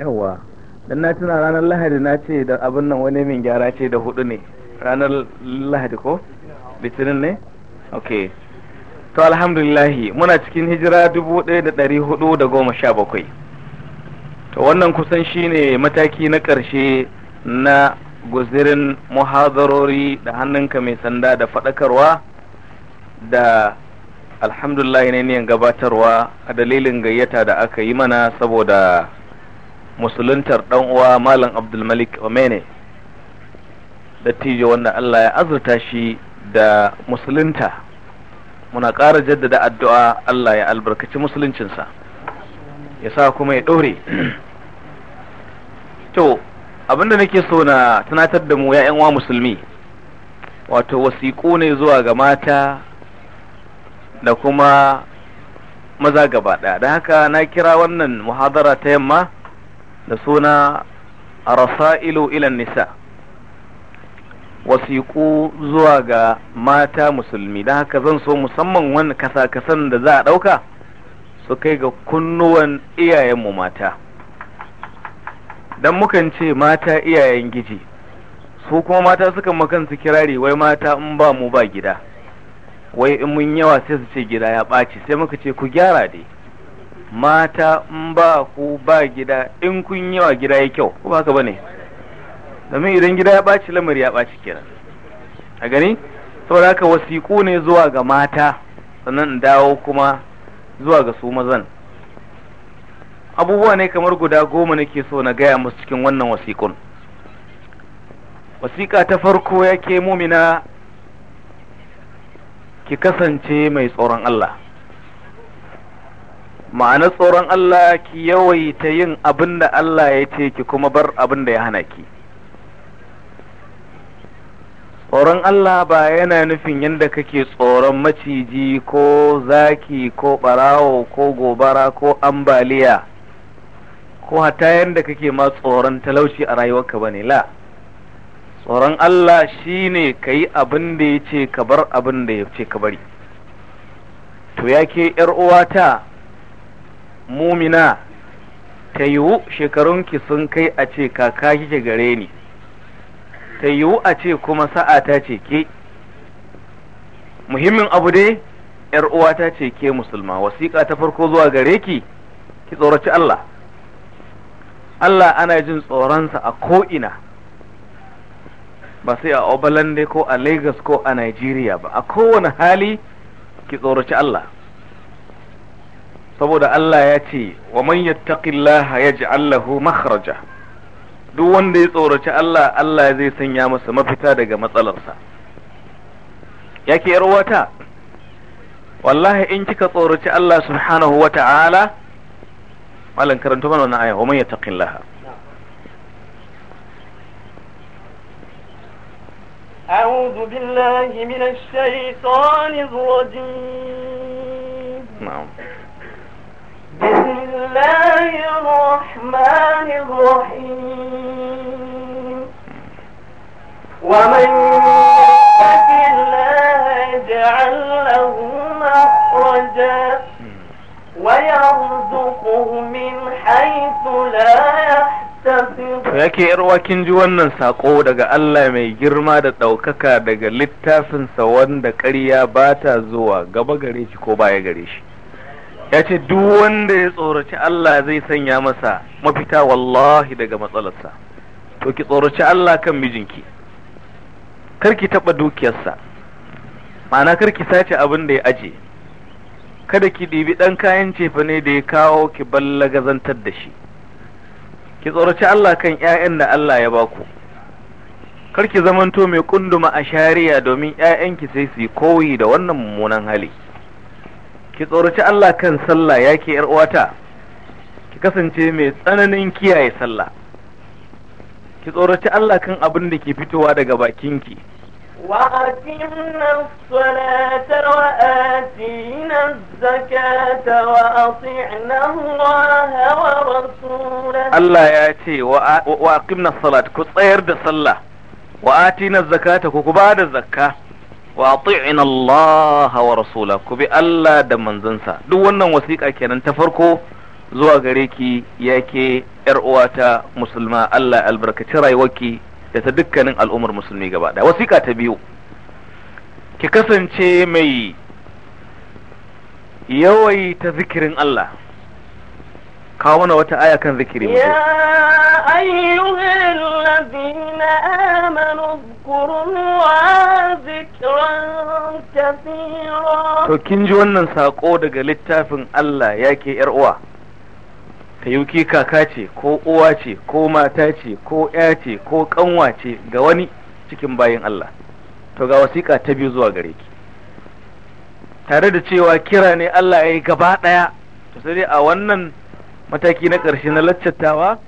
yawa dan na tuna ranar lahadi na ce da abin nan wani min gyara ce da hudu ne ranar lahadi ko litinin ne ok to alhamdulillahi muna cikin hijira dubu ɗaya da ɗari hudu da goma sha bakwai to wannan kusan shi ne mataki na ƙarshe na guzirin muhazarori da hannunka mai sanda da faɗakarwa da alhamdulillah ne gabatarwa a dalilin gayyata da aka yi mana saboda musuluntar dan uwa malam abdulmalik omene dattijo wanda Allah ya azurta shi da musulunta muna ƙara jaddada addu'a Allah ya albarkaci musuluncinsa ya sa kuma ya ɗore to abinda nake so na tunatar da mu ‘ya'yan wa musulmi wato wasiƙo ne zuwa ga mata da kuma maza gaba ɗaya da haka na kira wannan muhadara ta yamma da suna rasa'ilu ilan nisa wasiƙu zuwa ga mata musulmi don haka zan so musamman wani kasa-kasan da za a ɗauka su kai ga kunnuwan iyayenmu mata don mukan ce mata iyayen giji su kuma mata suka makansu kirari wai mata in ba mu ba gida wai in mun yawa sai su ce gida ya ɓaci sai muka ce ku gyara dai mata in ba ku ba gida in kun yi wa gida ya kyau ko ba haka bane domin idan gida ya ɓaci lamari ya ɓaci kenan a gani saboda haka wasiƙu ne zuwa ga mata sannan in dawo kuma zuwa ga su mazan abubuwa ne kamar guda goma nake so na gaya musu cikin wannan wasikun wasiƙa ta farko yake mumina ki kasance mai tsoron Allah Ma'ana tsoron Allah ki yawaita yin abin da Allah ya ce ki kuma bar abin da ya hana ki tsoron Allah ba yana nufin yadda kake tsoron maciji ko zaki ko barawo ko gobara ko ambaliya ko hata yadda kake ma tsoron talauci a rayuwarka ba ne la tsoron Allah shi ne ka yi abin da ya ce ka bar abin da ya ce ka bari to ya ke uwata mumina ta yiwu shekarunki sun kai a ce kaka kike gare ni ta yiwu a ce kuma sa'a ta ce ke muhimmin abu dai yar uwa ta ce ke musulma wasiƙa ta farko zuwa gare ki ki tsoraci Allah Allah ana jin tsoronsa a ko'ina ba sai a Obalande ko a Lagos ko a Nigeria ba a kowane hali ki tsoraci Allah saboda Allah ya ce wa man yattaqillaha yaj'al lahu makhraja duk wanda ya tsoraci Allah Allah zai sanya masa mafita daga matsalarsa yake yar wata wallahi in kika tsoraci Allah subhanahu wa ta'ala malam karanto mana wannan aya wa man yattaqillaha أعوذ بالله من الشيطان الرجيم نعم بسم الله ومن يتق الله يجعل له مخرجا ويرزقه من حيث لا yake kin ji wannan saƙo daga Allah mai girma da ɗaukaka daga littafinsa wanda ƙarya ba ta zuwa gaba gare shi ko baya gare shi ya ce duk wanda ya tsoraci Allah zai sanya masa mafita wallahi daga matsalarsa to ki tsoraci Allah kan mijinki kar ki taɓa dukiyarsa ma'ana kar ki sace abin da ya aje kada ki ɗibi ɗan kayan cefa ne da ya kawo ki ballagazantar da shi ki tsoraci Allah kan 'ya'yan da Allah ya baku kar ki zamanto mai kunduma a shari'a domin 'ya'yanki sai su yi koyi da wannan mummunan hali ki tsoraci Allah kan sallah ya ke uwata ki kasance mai tsananin kiyaye sallah ki tsoraci Allah kan abin da ke fitowa daga bakinki Allah ya ce wa aqimna salat ku tsayar da sallah wa atina zakata ku ba da zakka wa ati'ina Allah wa rasula ku bi Allah da manzansa duk wannan wasiƙa kenan ta farko zuwa gare ki yake yar uwata musulma Allah albarkaci rayuwarki da ta dukkanin al'ummar musulmi gaba ɗaya wasiƙa ta biyu ki kasance mai yawaita zikirin Allah kawo mana wata aya kan zikiri mu ya ayyuhal ladina amanu kathira to kin ji wannan sako daga littafin Allah yake yar uwa ta kaka ce ko uwa ce ko mata ce ko ya ce ko kanwa ce ga wani cikin bayin Allah to ga wasiƙa ta biyu zuwa gare ki tare da cewa kira ne Allah ya yi gaba ɗaya to sai a wannan mataki na ƙarshe na laccattawa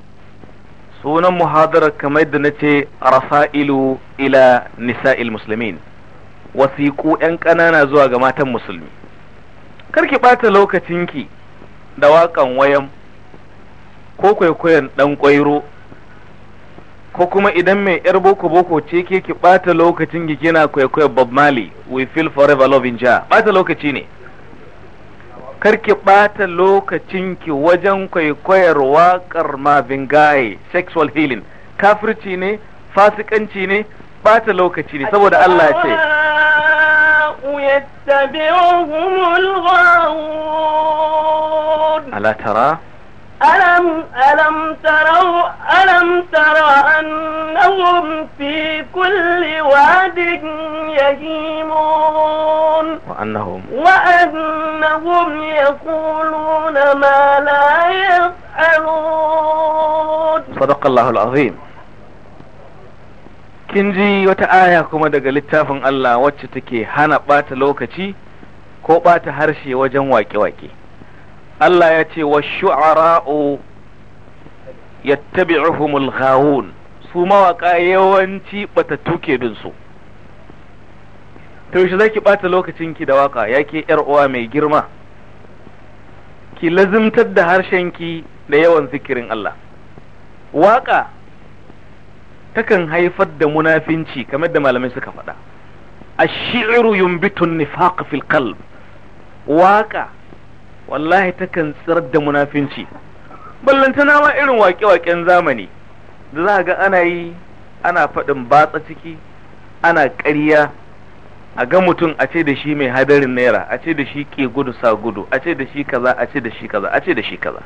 sunan muhadarar kamar da na ce rasa'ilu ila nisa'il musulmin wasiƙu 'yan ƙanana zuwa ga matan musulmi kar ki ɓata lokacinki da waƙan wayan ko kwaikwayon ɗan ƙwairo ko kuma idan mai yar boko boko ce ke ki ɓata lokacin ki kwaikwayon bob marley we feel forever loving ja ɓata lokaci ne karki ɓata lokacinki wajen kwaikwayar waƙar Marvin sexual healing kafirci ne fasikanci ne bata lokaci ne saboda Allah ce ala tara ألم ألم تروا ألم ترى أنهم في كل واد يهيمون وأنهم وأنهم يقولون ما لا يفعلون صدق الله العظيم kinji wata aya kuma daga littafin Allah wacce take hana ɓata lokaci ko ɓata harshe wajen waƙe-waƙe. Allah ya ce wa shu'ara'u yattabi'uhumul ghawun su mawaka yawanci batattu ke bin su to yaushe zaki bata lokacin ki da waka yake yar uwa mai girma ki lazimtar da harshen ki da yawan zikirin Allah waka takan haifar da munafinci kamar da malamai suka faɗa ashiru yumbitu nifaq fil qalb waka wallahi takan tsirar da munafinci ballantana ma irin waƙe-waƙen zamani da za ga ana yi ana faɗin batsa ciki ana ƙarya a ga mutum a ce da shi mai hadarin naira a ce da shi ke gudu sa gudu a ce da shi kaza a ce da shi kaza a ce da shi kaza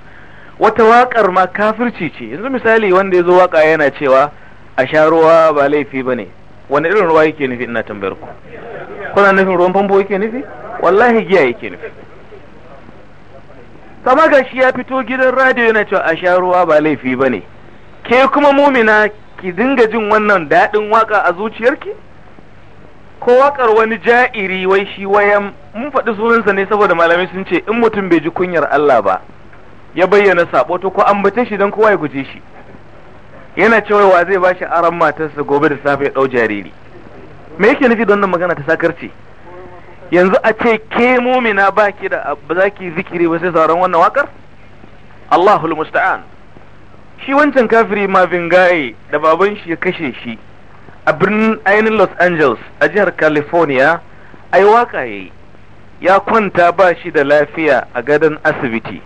wata waƙar ma kafirci ce yanzu misali wanda ya zo waƙa yana cewa a sha ruwa ba laifi ba ne wani irin ruwa yake nufi ina tambayar ku kuna nufin ruwan famfo yake nufi wallahi giya yake nufi sama ga shi ya fito gidan radio yana cewa a sha ruwa ba laifi ba ne ke kuma mumina ki dinga jin wannan daɗin waka a zuciyarki ko wakar wani ja'iri wai shi wayan mun faɗi sunansa ne saboda malamai sun ce in mutum bai ji kunyar Allah ba ya bayyana sabo to ko ambace shi don kowa ya guje shi yana cewa wa zai shi aran matarsa gobe da safe ya ɗau jariri me yake nufi don wannan magana ta sakarci yanzu a ce ke mumina ba ki da ba za ki zikiri ba sai sauran wannan wakar Allahul musta'an shi wancan kafiri Marvin Gaye da baban shi ya kashe shi a birnin ainihin Los Angeles a jihar California ai waka yayi ya kwanta ba shi da lafiya a gadon asibiti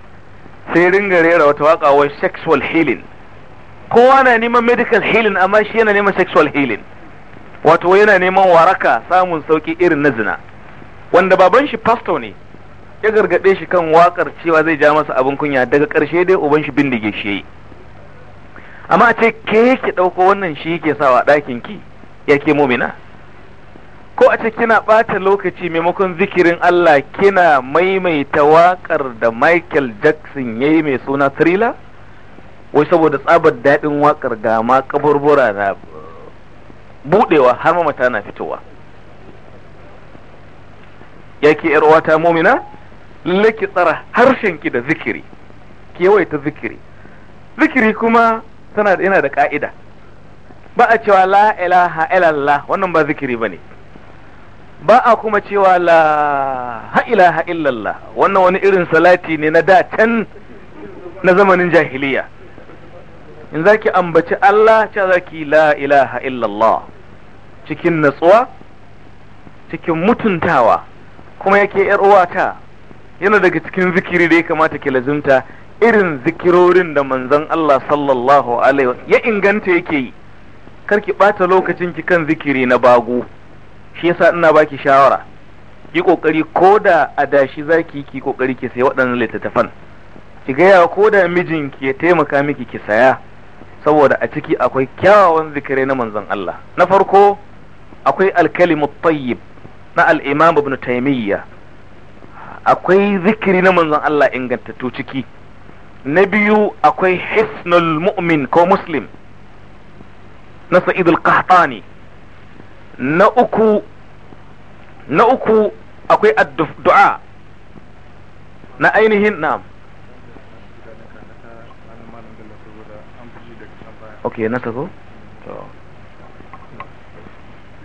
sai ringa rera wata waka wa sexual healing kowa na neman medical healing amma shi yana neman sexual healing wato yana neman waraka samun sauki irin na zina wanda baban shi pastor ne ya gargaɗe shi kan wakar cewa zai ja masa abin kunya daga ƙarshe dai uban shi bindige shi yayi amma a ce ke ki ɗauko wannan shi yake sawa ɗakin ki ya ke mumina ko a ce kina ɓata lokaci maimakon zikirin Allah kina maimaita waƙar da Michael Jackson ya yi mai suna Thriller wai saboda tsabar daɗin waƙar ga ma kaburbura na buɗewa har mamata na fitowa yake yar uwata mumina lalle tsara harshen ki da zikiri ki zikiri zikiri kuma tana yana da ka'ida ba a cewa la ilaha illallah wannan ba zikiri bane ba a kuma cewa la ilaha illallah wannan wani irin salati ne na da can na zamanin jahiliya in zaki ambaci Allah ce zaki la ilaha illallah cikin natsuwa cikin mutuntawa kuma yake yar uwata yana daga cikin zikiri da ya kamata ki lazimta irin zikirorin da manzon Allah sallallahu alaihi ya inganta yake yi ki bata lokacin ki kan zikiri na bago shi yasa ina baki shawara yi kokari koda da adashi zaki ki kokari ki sayi waɗannan littattafan ki gaya ko da mijinki ya taimaka miki ki saya saboda a ciki akwai kyawawan zikirai na manzon Allah na farko akwai alkalimu tayyib na al-imam ibn taymiyya akwai zikiri na manzon Allah ingantattu ciki na biyu akwai hisnul mu'min ko muslim na Sa'idul al-qahtani na uku na uku akwai addu'a na ainihin na'am ok na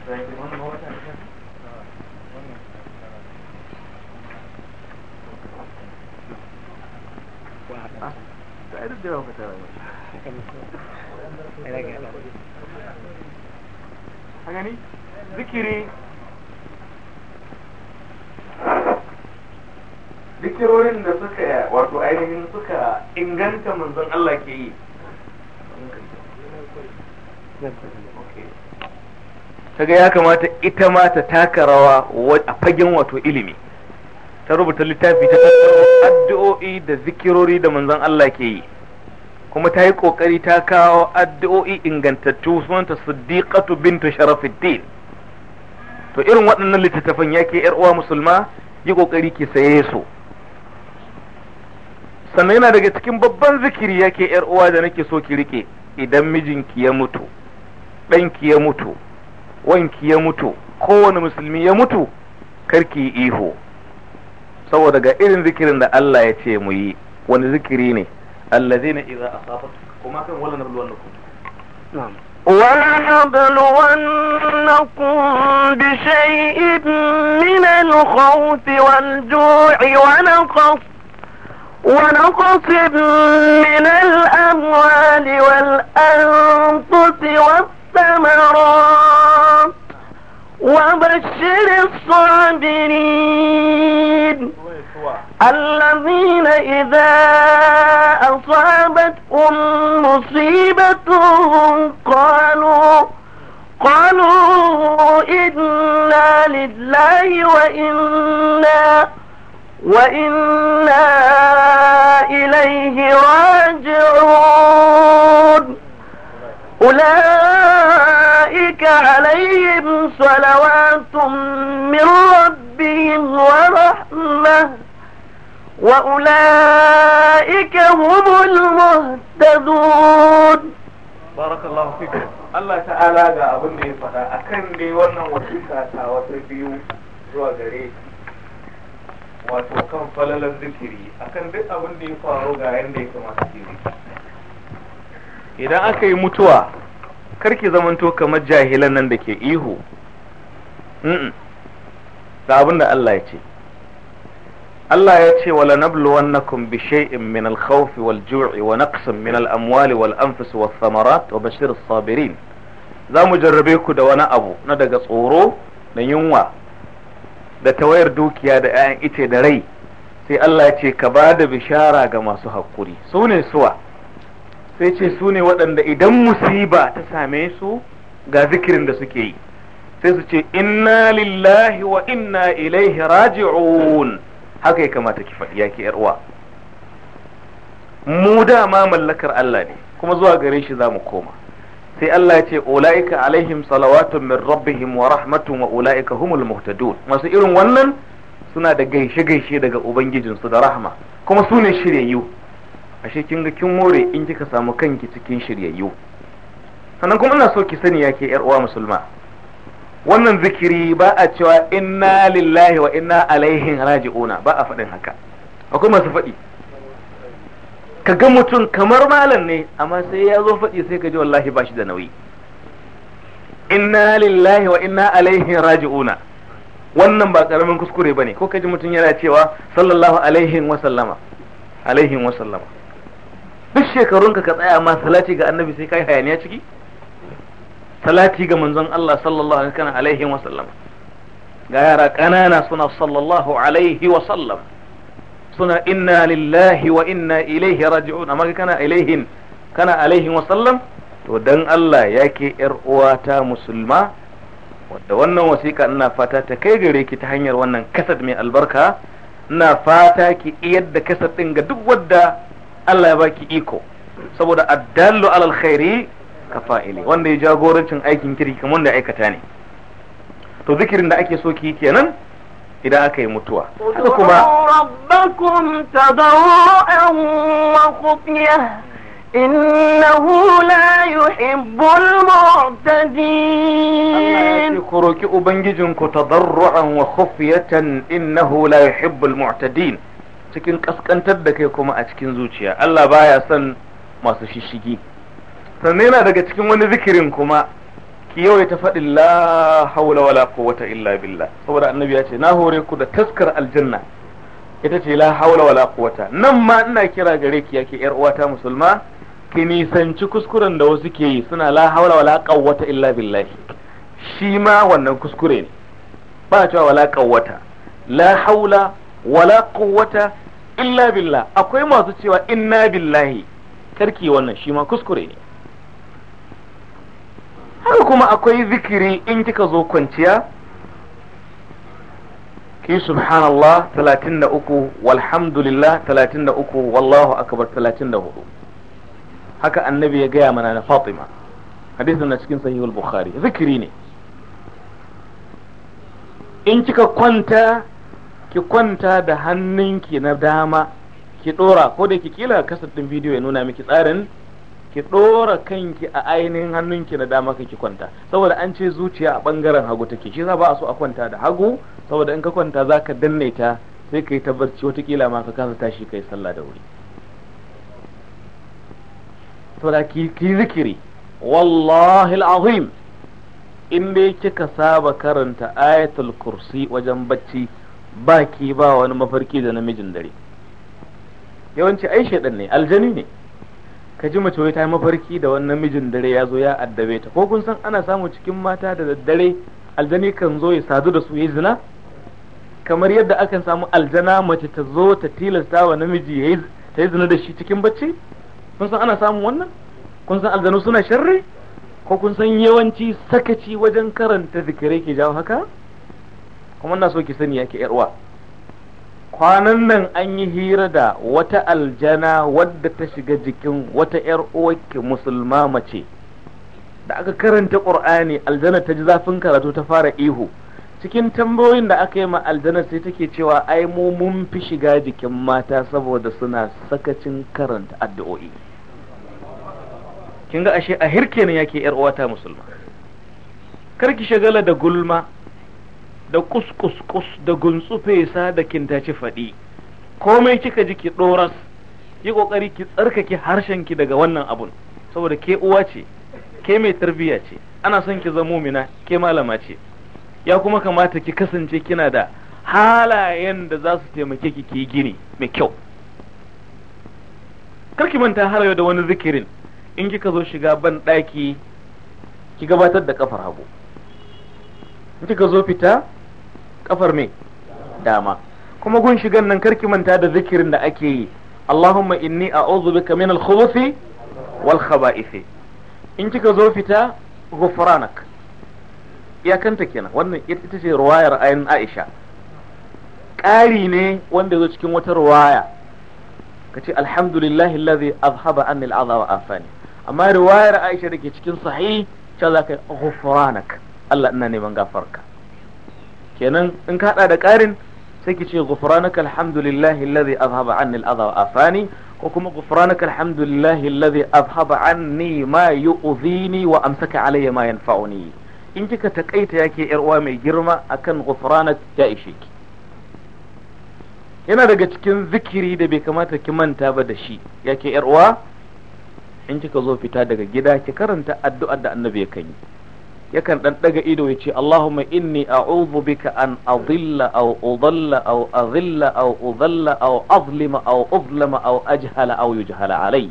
Thank you. duk da ba ta a gani zikiri zikirorin da suka wato ainihin suka inganta manzon Allah ke yi kaga ya kamata ita ma ta taka rawa a fagen wato ilimi ta rubuta littafi ta tattaro addu'o'i da zikirori da manzon Allah ke yi kuma ta yi ƙoƙari ta kawo addu'o'i ingantattu sunanta siddiqatu bintu sharafiddin to irin waɗannan littattafan yake yar uwa musulma yi ƙoƙari ki saye su sannan yana daga cikin babban zikiri yake yar uwa da nake so ki rike idan mijinki ya mutu ɗanki ya mutu wanki ya mutu kowane musulmi ya mutu kar ki yi ihu saboda ga irin zikirin da Allah ya ce mu yi wani zikiri ne الذين إذا اصابتكم وما كان ولا نبلونكم نعم ولنبلونكم بشيء من الخوف والجوع ونقص ونقص من الأموال والأنفس والثمرات وبشر الصابرين الذين إذا أصابتهم مصيبة قالوا قالوا إنا لله وإنا وإنا إليه راجعون أولئك أولئك عليهم صلوات من ربهم ورحمة وأولئك هم المهتدون بارك الله فيكم Allah ta'ala ga abin da ya faɗa akan dai wannan wasiƙa ta biyu zuwa gare wato kan falalar zikiri akan duk abin da ya faru ga yanda ya kamata zikiri idan aka yi mutuwa karki zamanto kamar jahilan nan da ke ihu da abin da Allah ya ce Allah ya ce wala nabluwannakum bi shay'in min al-khawf wal-ju'i wa naqsin min al-amwali wal-anfus wath-thamarat wa bashir as-sabirin za mu jarrabe ku da wani abu na daga tsoro da yunwa da tawayar dukiya da 'ya'yan ice da rai sai Allah ya ce ka ba da bishara ga masu hakuri su ne suwa sai ce su ne waɗanda idan musiba ta same su ga zikirin da suke yi sai su ce inna lillahi wa inna ilaihi raji'un haka ya kamata ki faɗi ya ki uwa mu dama mallakar Allah ne kuma zuwa gare shi za mu koma sai Allah ya ce ula'ika alaihim salawatun min rabbihim wa rahmatun wa ula'ika humul muhtadun masu irin wannan suna da gaishe gaishe daga ubangijinsu da rahma kuma su ne shiryayyu ashe kin ga kin more in kika samu kanki cikin shiryayyu sannan kuma ina so ki sani yake yar uwa musulma wannan zikiri ba a cewa inna lillahi wa inna alaihi raji'una ba a faɗin haka akwai masu faɗi ka ga mutum kamar malam ne amma sai ya zo faɗi sai ka ji wallahi ba shi da nauyi inna lillahi wa inna alaihi raji'una wannan ba karamin kuskure bane ko kaji mutum yana cewa sallallahu alaihi wa sallama alaihi wa sallama duk shekarunka ka tsaya ma salati ga annabi sai kai hayaniya ciki salati ga manzon Allah sallallahu alaihi wa sallam ga yara ƙanana suna sallallahu alaihi wa sallam suna inna lillahi wa inna ilaihi raji'un amma kana ilaihin kana alaihi wa sallam to dan Allah yake yar uwata musulma wadda wannan wasiƙa ina fata ta kai gare ki ta hanyar wannan kasad mai albarka ina fata ki iyar da kasad din ga duk wadda Allah ya baki iko saboda addallu alal khairi ka fa'ili wanda ya jagorancin aikin kirki kamar da aikata ne to zikirin da ake so ki yi kenan idan aka yi mutuwa haka kuma rabbakum tadawwan wa khufya innahu la yuhibbul mu'tadin ku roki ubangijinku tadarruan wa khufyatan innahu la yuhibbul mu'tadin cikin ƙasƙantar da kai kuma a cikin zuciya Allah baya son masu shishigi sannan yana daga cikin wani zikirin kuma ki yau ta faɗi la haula wala quwwata illa billah saboda annabi ya ce na hore ku da taskar aljanna ita ce la haula wala quwwata nan ma ina kira gare ki yake yar uwata musulma ki nisanci kuskuren da wasu ke yi suna la haula wala quwwata illa billah shi ma wannan kuskure ne ba cewa wala quwwata la haula wala quwwata illa billah akwai masu cewa inna billahi karki wannan shi ma kuskure ne haka kuma akwai zikiri in kika zo kwanciya ki subhanallah 33 walhamdulillah 33 wallahu akbar 34 haka annabi ya gaya mana na Fatima hadisin na cikin sahih al-bukhari zikiri ne in kika kwanta ki kwanta da hannunki na dama ki dora ko da ki kila kasar ɗin bidiyo ya nuna miki tsarin ki ɗora kanki a ainihin hannunki na dama ki kwanta saboda an ce zuciya a bangaren hagu take shi za ba a so a kwanta da hagu saboda in ka kwanta zaka danne ta sai kai tabbaci wata kila ma ka kasa tashi kai sallah da wuri saboda ki ki zikiri wallahi alazim in dai kika saba karanta ayatul kursi wajen bacci ba ki ba wani mafarki da namijin dare yawanci ai shaidan ne aljani ne ka ji mace wai ta mafarki da wani namijin dare ya zo ya addabe ta ko kun san ana samu cikin mata da daddare aljani kan zo ya sadu da su ya zina kamar yadda akan samu aljana mace ta zo ta tilasta wa namiji ta yi zina da shi cikin bacci kun san ana samun wannan kun san aljanu suna sharri ko kun san yawanci sakaci wajen karanta zikirai ke jawo haka kuma na so ki sani yake yar uwa kwanan nan an yi hira da wata aljana wadda ta shiga jikin wata yar uwarki musulma mace da aka karanta qur'ani aljana ta ji zafin karatu ta fara ihu cikin tambayoyin da aka yi ma aljana sai take cewa ai mu mun fi shiga jikin mata saboda suna sakacin karanta addu'o'i kin ga ashe a hirke ne yake yar uwata musulma kar ki shagala da gulma da kuskus da guntsu da kintaci faɗi komai kika ji ki ɗoras yi ƙoƙari ki tsarkake ki daga wannan abun saboda ke uwa ce ke mai tarbiyya ce ana son ki zamo mina ke malama ce ya kuma kamata ki kasance kina da halayen da za su taimake ki ki gini mai kyau Kar ki manta har yau da wani zikirin in kika zo shiga ban ɗaki ki gabatar da kafar hagu kika zo fita kafar me dama kuma gun shigan nan karki manta da zikirin da ake yi Allahumma inni a'udhu bika min al-khubuthi wal khaba'ith in kika zo fita ghufranak kanta kenan wannan ita ce ruwayar ayin Aisha kari ne wanda zo cikin wata ruwaya kace alhamdulillahi alladhi azhaba anni al-adha wa afani amma ruwayar Aisha dake cikin sahih cewa zaka ghufranak Allah ina neman gafarka kenan in ka hada da ƙarin sai ki ce ghufranaka alhamdulillahi alladhi azhaba anni al-adha wa afani ko kuma ghufranaka alhamdulillahi alladhi azhaba anni ma yu'dhini wa amsaka alayya ma yanfa'uni in kika takaita yake yar uwa mai girma akan ghufranaka ya ishe ki yana daga cikin zikiri da bai kamata ki manta ba da shi yake yar uwa in kika zo fita daga gida ki karanta addu'ar da annabi ya kanyi. yakan dan daga ido ya ce Allahumma inni a'udhu bika an adilla aw udalla aw adilla aw udalla aw azlima aw udlama aw ajhala aw yujhala alai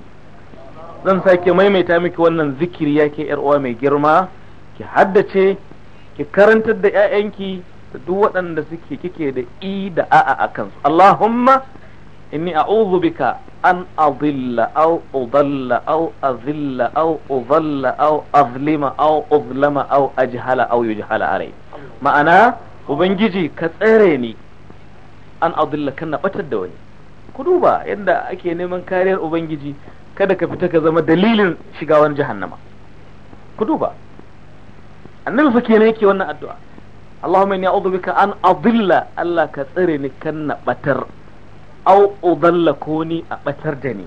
zan sake maimaita miki wannan zikiri yake yar uwa mai girma ki haddace ki karantar da ƴaƴanki da duk waɗanda suke kike da i da a'a a kansu Allahumma inni أعوذ بك أن أضل أو أضل أو أذل أو udalla أو أظلم أو أظلم أو أجهل أو يجهل alai ma'ana ubangiji ka tsare ni an adilla kana batar da wani ku duba yadda ake neman kariyar ubangiji kada ka fita ka zama dalilin shiga wani jahannama ku duba annabi fa kenan yake wannan addu'a Allahumma inni a'udhu an adilla Allah ka tsare ni kan na au udalla ko ni a batar da ni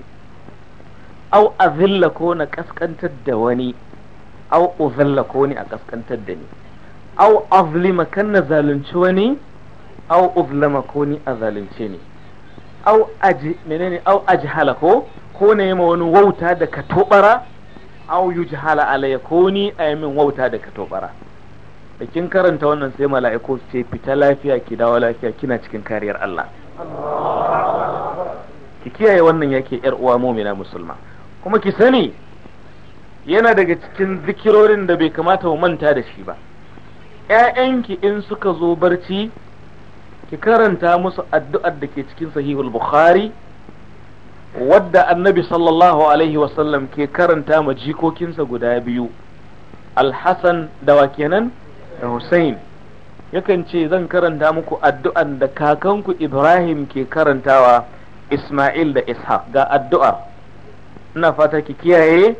au azilla ko na kaskantar da wani au uzalla ko ni a kaskantar da ni au azlima kan na zalunci wani au uzlama ko ni a zalunce ni au aji menene au ajhala ko ko na yi wani wauta da tobara au yujhala alayya ko ni a yi min wauta da ka da kin karanta wannan sai mala'iku ce fita lafiya ki dawo lafiya kina cikin kariyar Allah ki kiyaye wannan yake yar uwa mumina musulma kuma ki sani yana daga cikin zikirorin da bai kamata mu manta da shi ba ‘ya'yanki in suka zo barci ki karanta musu addu'ar da ke cikin sahihul bukhari wadda annabi sallallahu alaihi wasallam ke karanta ma jikokinsa guda biyu alhassan da wa kenan da hussein yakan ce zan karanta muku addu'an da kakanku Ibrahim ke karantawa Ismail da Ishaq ga addu'ar ina fata ki kiyaye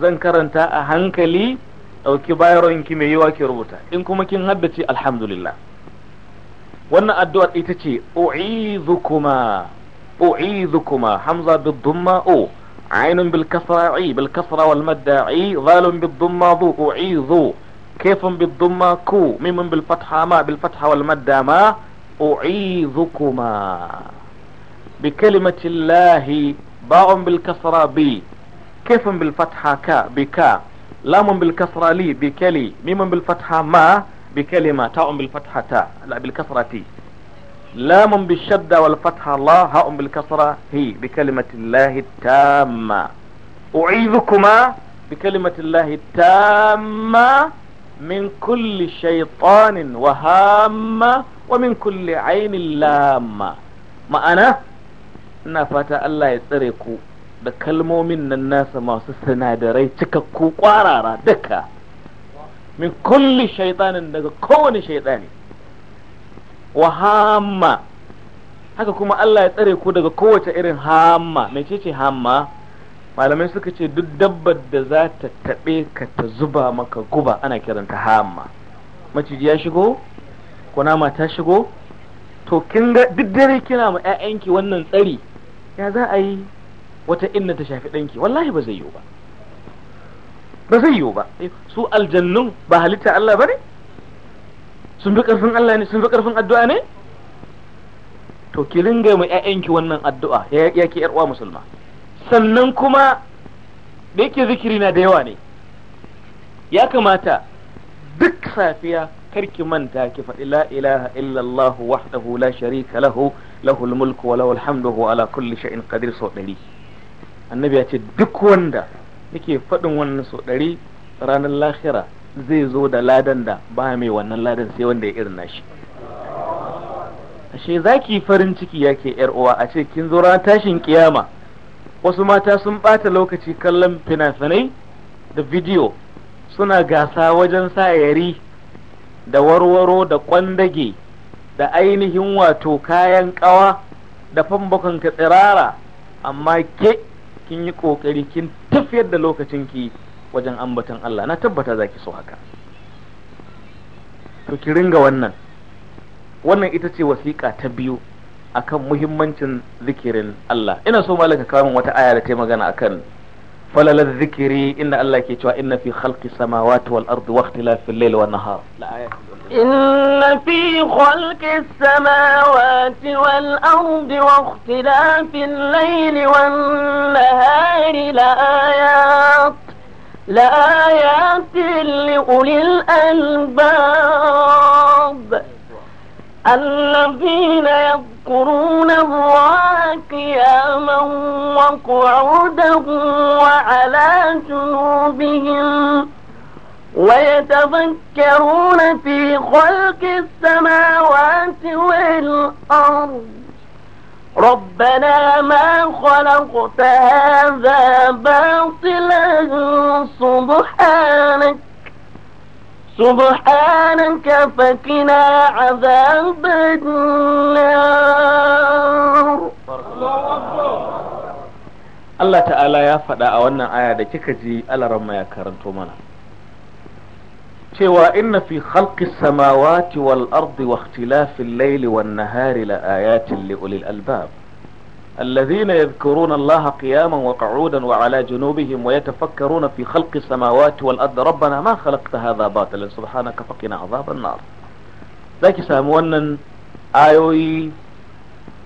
zan karanta a hankali ɗauki bayaron ki mai yiwa ki rubuta in kuma kin haddace alhamdulillah wannan addu'ar ita ce u'izukuma u'izukuma hamza bid-dumma o ainun bil kasra bil kasra wal madda i zalun bid كيف بالضمة كو ميم بالفتحة ما بالفتحة والمدة ما أعيذكما بكلمة الله باء بالكسرة بي كيف بالفتحة كا بكا لام بالكسرة لي بكلي ميم بالفتحة ما بكلمة تاء بالفتحة تاء لا بالكسرة تي لام بالشدة والفتحة الله هاء بالكسرة هي بكلمة الله التامة أعيذكما بكلمة الله التامة min kulli shaitanin wa hamma wa min kulli ainin lamma ma'ana ina fata Allah ya tsare ku da kalmomin nan nasa masu sinadarai cikakku kwarara duka min kulli shaitanin daga kowane shaitani wa hamma haka kuma Allah ya tsare ku daga kowace irin hamma mecece hamma malamai suka ce duk dabbar da za ta taɓe ka ta zuba maka guba ana kiranta hama maciji ya shigo kunama ta shigo to kin ga duk dare kina ma ƴaƴanki wannan tsari ya za a yi wata inna ta shafi ɗanki wallahi ba zai yiwu ba ba zai yiwu ba su aljannun ba halitta Allah ba ne sun fi ƙarfin Allah ne sun fi ƙarfin addu'a ne to ki ringa ma ƴaƴanki wannan addu'a ya ke 'yar uwa musulma sannan kuma da yake zikiri na da yawa ne ya kamata duk safiya karki manta ki faɗi la ilaha illallah wahdahu la sharika lahu lahul mulku wa lahul hamdu wa ala kulli shay'in qadir sau ɗari annabi ya ce duk wanda yake faɗin wannan sau ɗari ranar lahira zai zo da ladan da ba mai wannan ladan sai wanda ya irin nashi ashe zaki farin ciki yake yar uwa a ce kin zo ran tashin kiyama wasu mata sun ɓata lokaci kallon fina-finai da bidiyo suna gasa wajen sa yari da warwaro da kwandage da ainihin wato kayan ƙawa da fambakon ka tsirara amma ke kin yi ƙoƙari kin tafiyar da lokacinki wajen ambaton Allah na tabbata za ki so haka to ki ringa wannan wannan ita ce wasiƙa ta biyu akan muhimmancin zikirin Allah ina so malaka kawo min wata aya da ta magana akan falal zikiri inna Allah yake cewa inna fi khalqi samawati wal ardi wa ikhtilafi al-layl wan nahar إن في خلق السماوات والأرض واختلاف الليل والنهار لآيات لآيات لأولي الألباب الذين يذكرون الله قياما وقعودا وعلى جنوبهم ويتفكرون في خلق السماوات والأرض ربنا ما خلقت هذا باطلا سبحانك سبحانك فقنا عذاب النار Allah ta'ala ya faɗa a wannan aya da kika ji alarama ya karanto mana cewa inna fi khalqis samawati wal ardi wa ikhtilafil layli wan nahari la ayatin li ulil albab الذين يذكرون الله قياما وقعودا وعلى جنوبهم ويتفكرون في خلق السماوات والأرض ربنا ما خلقت هذا باطلا سبحانك فقنا عذاب النار ذاك سامونا آيوي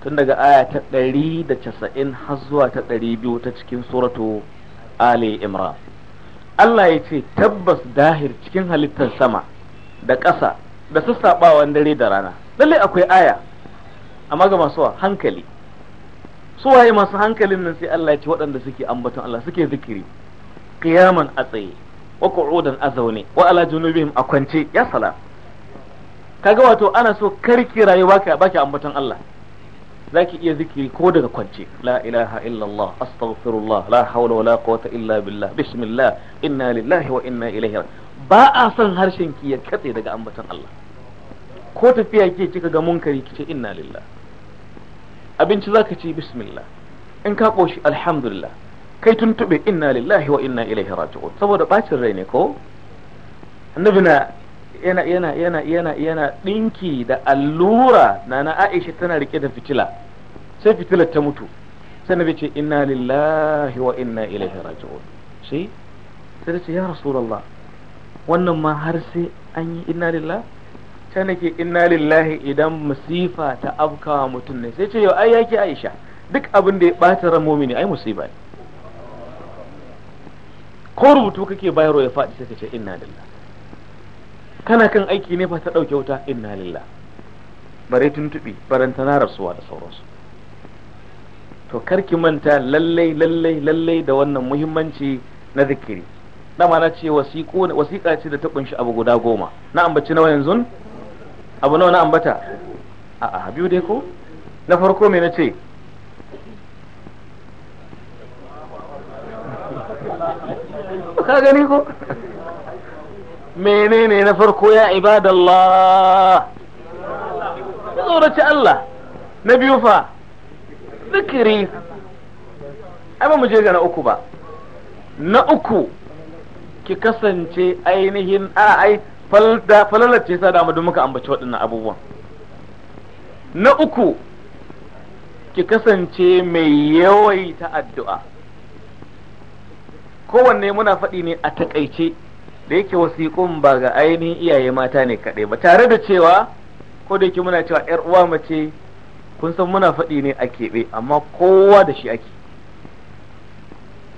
تندق آية تقري دتسئن حزوة تقري بيو سورة آل إمران الله يتي تبس داهر تكين هلتا سما دكسا da sassaɓawan dare da rana lallai akwai aya amma ga masu hankali su waye masu hankalin nan sai Allah ya ce waɗanda suke ambaton Allah suke zikiri qiyaman a tsaye wa qu'udan a zaune wa ala junubihim a kwance ya sala kaga wato ana so karki rayuwa ka baki ambaton Allah zaki iya zikiri ko daga kwance la ilaha illallah astaghfirullah la hawla wala quwwata illa billah bismillah inna lillahi wa inna ilaihi ba a son harshen ki ya katse daga ambaton Allah ko tafiya ke kika ga munkari kice inna lillahi abinci za ka ci bismillah in ka koshi alhamdulillah kai tuntube inna lillahi wa inna ilaihi raji'un saboda bacin rai ne ko annabi na yana yana yana yana yana dinki da allura na Aisha tana rike da fitila sai fitilar ta mutu sai nabi ce inna lillahi wa inna ilaihi raji'un sai sai ce ya rasulullah wannan ma har sai an yi inna lillahi ta nake inna lillahi idan musifa ta afkawa mutum ne sai ce yau ai yake aisha duk abin da ya bata ran mumini ai musiba ne ko rubutu kake bayarwa ya faɗi sai ka ce inna lillah kana kan aiki ne fa ta ɗauke wuta inna lillah bare tuntuɓi barantana rasuwa da sauransu to karki manta lallai lallai lallai da wannan muhimmanci na zikiri dama na ce wasiƙa ce da ta kunshi abu guda goma na ambaci nawa yanzu abu nawa na ambata a'a biyu dai ko na farko me nace ka gani ko menene na farko ya ibadallah ya tsoraci Allah na biyu fa zikiri ai ba mu je ga na uku ba na uku ki kasance ainihin a ai falalace sa da mu muka ambaci waɗannan abubuwan na uku ki kasance mai yawaita addu'a kowanne muna faɗi ne a takaice da yake wasiƙun ba ga ainihin iyaye mata ne kaɗai ba tare da cewa ko da yake muna cewa ‘yar uwa mace kun san muna faɗi ne a keɓe amma kowa da shi ake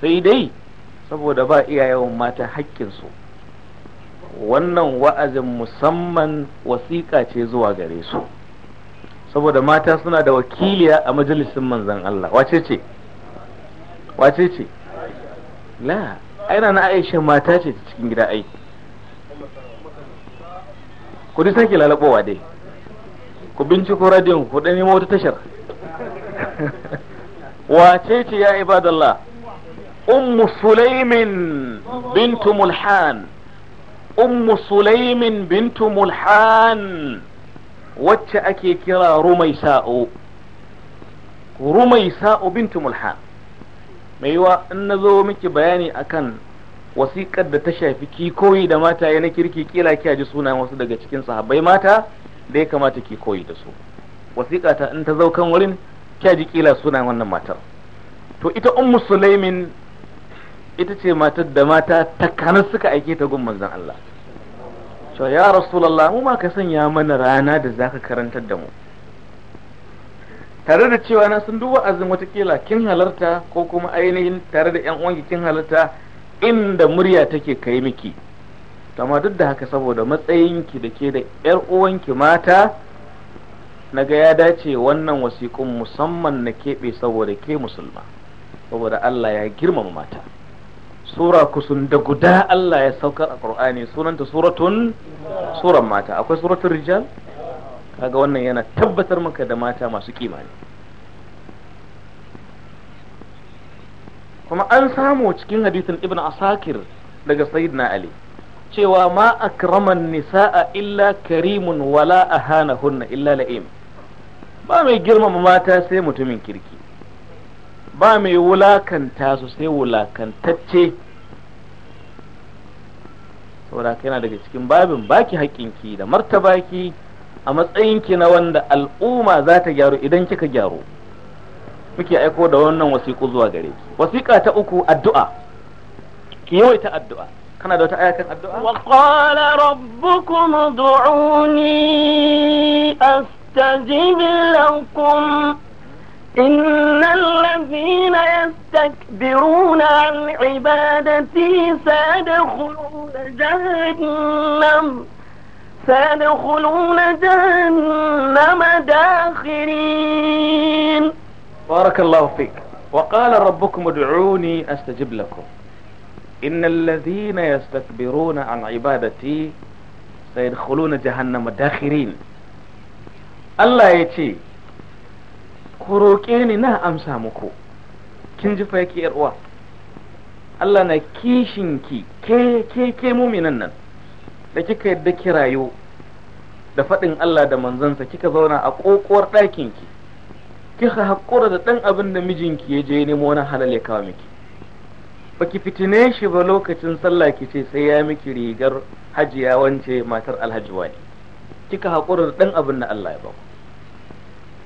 sai dai saboda ba iyayen mata haƙƙinsu wannan wa'azin musamman wasiƙa ce zuwa gare su saboda mata suna da wakiliya a majalisin manzan Allah wace ce wace ce la aina na aisha mata ce cikin gida ai ku dai sake lalabowa dai ku binciko radiyon ku ɗan nemo wata tashar wace ce ya ibadallah ummu sulaimin bintu mulhan ummu sulaimin bintu mulhan wacce ake kira rumaisa'u rumaisa'u bintu mulhan mai yiwa in na zo miki bayani akan wasiƙar da ta shafi kikoyi da mata ya na kirki kila kiya ji suna wasu daga cikin sahabbai mata da ya kamata ki koyi da su wasiƙa ta in ta zaukan wurin kiya ji kila wannan matar to ita ummu sulaimin ita ce matar da mata ta kana suka aike ta gun manzon Allah cewa ya rasulallah mu ma ka sanya mana rana da zaka karantar da mu tare da cewa na sun duba azin watakila kin halarta ko kuma ainihin tare da yan uwanki kin halarta inda murya take kai miki amma duk da haka saboda matsayinki da ke da yar uwanki mata na ga ya dace wannan wasiƙun musamman na keɓe saboda ke musulma saboda Allah ya girmama mata sura kusun da guda Allah ya saukar a Qur'ani sunanta suratun suran mata akwai suratun rijal kaga wannan yana tabbatar maka da mata masu kima ne kuma an samu cikin hadisin Ibn Asakir daga Sayyidina Ali cewa ma akraman nisa'a illa karimun wala ahanahunna illa la'im ba mai girmama mata sai mutumin kirki ba mai wulakanta su sai wulakantacce saboda yana daga cikin babin baki haƙƙinki da martaba ki a matsayinki na wanda al'umma za ta gyaru idan kika gyaru muke aiko da wannan wasiƙu zuwa gare ki wasiƙa ta uku addu'a ki yawaita addu'a kana da wata ayakan addu'a wa qala rabbukum ud'uni astajib lakum إن الذين يستكبرون عن عبادتي سيدخلون جهنم سيدخلون جهنم داخرين بارك الله فيك وقال ربكم ادعوني أستجب لكم إن الذين يستكبرون عن عبادتي سيدخلون جهنم داخرين الله يتيه ku roƙe ni na amsa muku kin ji fa yake yar uwa Allah na kishin ke ke ke muminan nan da kika yadda ki rayu da faɗin Allah da manzansa kika zauna a ƙoƙuwar ki kika haƙura da ɗan abin da mijinki ya je nemo na halal ya kawo miki ba baki fitine shi ba lokacin sallah ki ce sai ya miki rigar hajiya wance matar alhaji wani kika haƙura da ɗan abin da Allah ya baku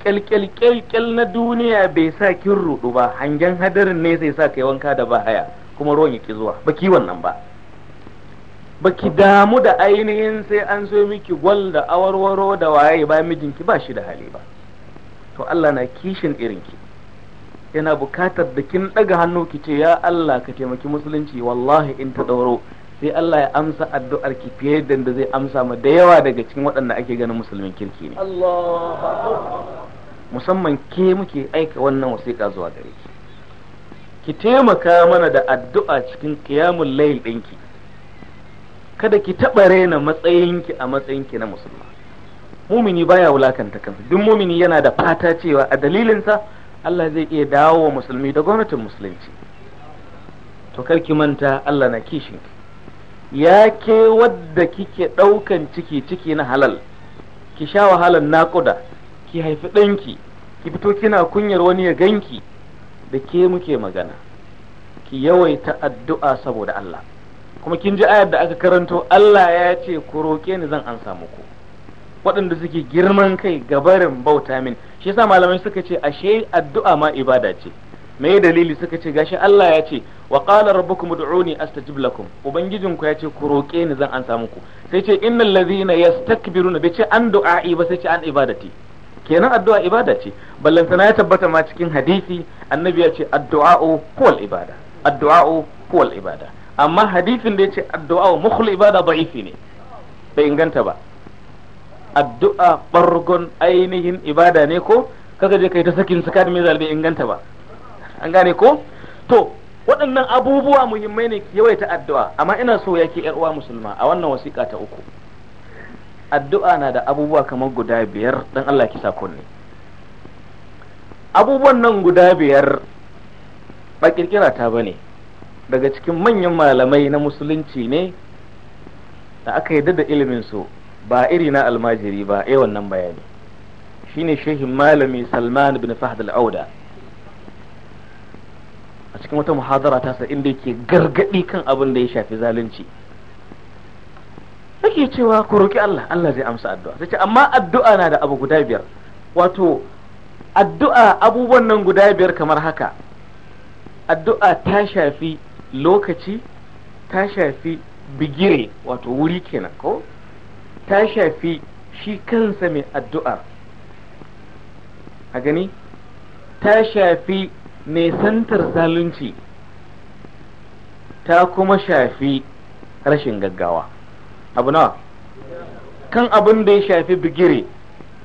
kyalkyalkyalkyal na duniya bai sa kin rudu ba hangen hadarin ne zai sa kai wanka da ba haya kuma ruwan yake zuwa baki wannan ba baki damu da ainihin sai an so miki gwal da awarwaro da waye ba mijinki ba shi da hali ba to Allah na kishin irin ki yana bukatar da kin daga hannu ki ce ya Allah ka taimaki musulunci wallahi in ta dauro sai Allah ya amsa addu'ar ki fiye da zai amsa ma da yawa daga cikin waɗanda ake ganin musulmin kirki ne musamman ke muke aika wannan wasiƙa zuwa gare ki ki taimaka mana da addu'a cikin kiyamun layl ɗinki kada ki taɓa raina matsayinki a matsayinki na musulma mumini baya wulakanta kansa duk mumini yana da fata cewa a dalilinsa Allah zai iya dawo wa musulmi da gwamnatin musulunci to karki manta Allah na kishin ya ke wadda kike ɗaukan ciki ciki na halal ki sha wahalan naƙuda ki haifi ɗanki ki fito kina kunyar wani ya ganki da ke muke magana ki yawaita addu'a saboda Allah kuma kin ji ayar da aka karanto Allah ya ce ku roƙe ni zan ansa muku waɗanda suke girman kai gabarin bauta min shi yasa malamai suka ce ashe addu'a ma ibada ce me dalili suka ce gashi Allah ya ce wa qala rabbukum ud'uni astajib lakum ubangijinku ya ce ku roƙe ni zan ansa muku sai ce innal ladhina yastakbiruna bai ce an du'a'i ba sai ce an ibadati kenan addu'a ibada ce ballantana ya tabbata ma cikin hadisi annabi ya ce addu'a kuwal ibada addu'a kuwal ibada amma hadisin da ya ce addu'a mukhul ibada da'ifi ne bai inganta ba addu'a bargon ainihin ibada ne ko kaga je kai ta sakin saka da mezal bai inganta ba an gane ko to waɗannan abubuwa muhimmai ne yawaita addu'a amma ina so yake yar uwa musulma a wannan wasiƙa ta uku addu'a na da abubuwa kamar guda biyar dan Allah ki kunne abubuwan nan guda biyar ba kirkira ta bane daga cikin manyan malamai na musulunci ne da aka yi da ilimin su ba iri na almajiri ba a eh wannan bayani shine shehin malami Salman bin Fahd al-Auda a cikin wata muhadara ta sa inda yake gargadi kan abin da ya shafi zalunci take cewa ku roki Allah Allah zai amsa addu'a ce amma addu'a na da abu guda biyar wato addu'a abubuwan nan guda biyar kamar haka addu'a ta shafi lokaci ta shafi bigire wato wuri kenan ko ta shafi shi kansa mai addu'ar a gani ta shafi nesantar zalunci ta kuma shafi rashin gaggawa abu nawa kan abin da ya shafi bigire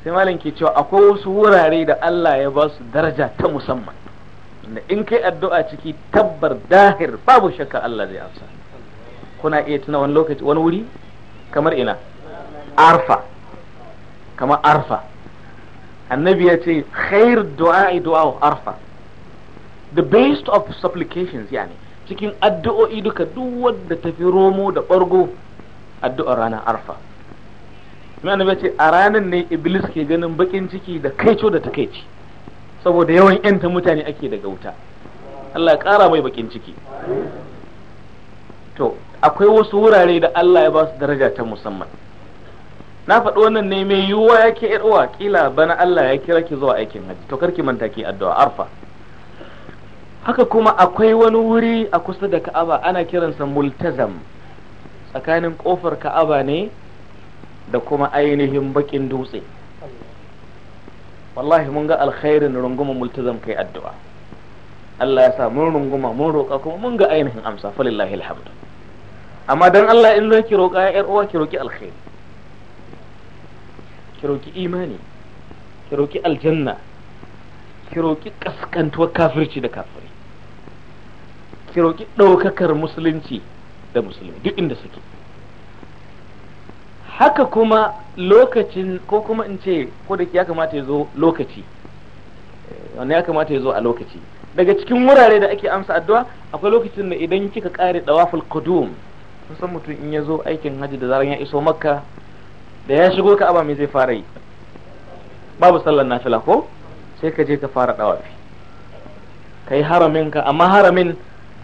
sai malam ke cewa akwai wasu wurare da Allah ya ba su daraja ta musamman da in kai addu'a ciki tabbar dahir babu shakka Allah zai amsa kuna iya tuna wani lokaci wani wuri kamar ina arfa kamar arfa annabi ya ce khair du'a du'a arfa the best of supplications yani cikin addu'o'i duka duk wanda tafi romo da bargo addu'ar ranar arfa mai annabi ce a ranan ne iblis ke ganin bakin ciki da kaico da takaici saboda yawan yanta mutane ake daga wuta Allah ya kara mai bakin ciki to akwai wasu wurare da Allah ya ba su daraja ta musamman na faɗi wannan ne mai yiwuwa yake yarwa ƙila bana Allah ya kira ki zuwa aikin hajji to karki manta ki addu'a arfa haka kuma akwai wani wuri a kusa da Ka'aba ana kiransa multazam tsakanin ƙofar ka'aba ne da kuma ainihin bakin dutse wallahi mun ga alkhairin runguma multazam kai addu'a Allah ya sa mun runguma mun roƙa kuma mun ga ainihin amsa falillahi alhamdu amma dan Allah in ki roƙa ya uwa ki roƙi alkhairi ki roƙi imani ki roƙi aljanna ki roƙi kaskantuwar kafirci da kafiri ki roƙi ɗaukakar musulunci da musulmi duk inda suke haka kuma lokacin ko kuma in ce ko da ya kamata ya zo lokaci eh, wanda ya kamata ya zo a lokaci daga cikin wurare da ake amsa addu'a akwai lokacin da idan kika kare dawaful qudum san mutum in ya zo aikin hajji da zaran ya iso makka da ya shigo ka'aba mai zai fara yi babu sallar nafila ko sai ka je ka fara dawafi kai haramin ka amma haramin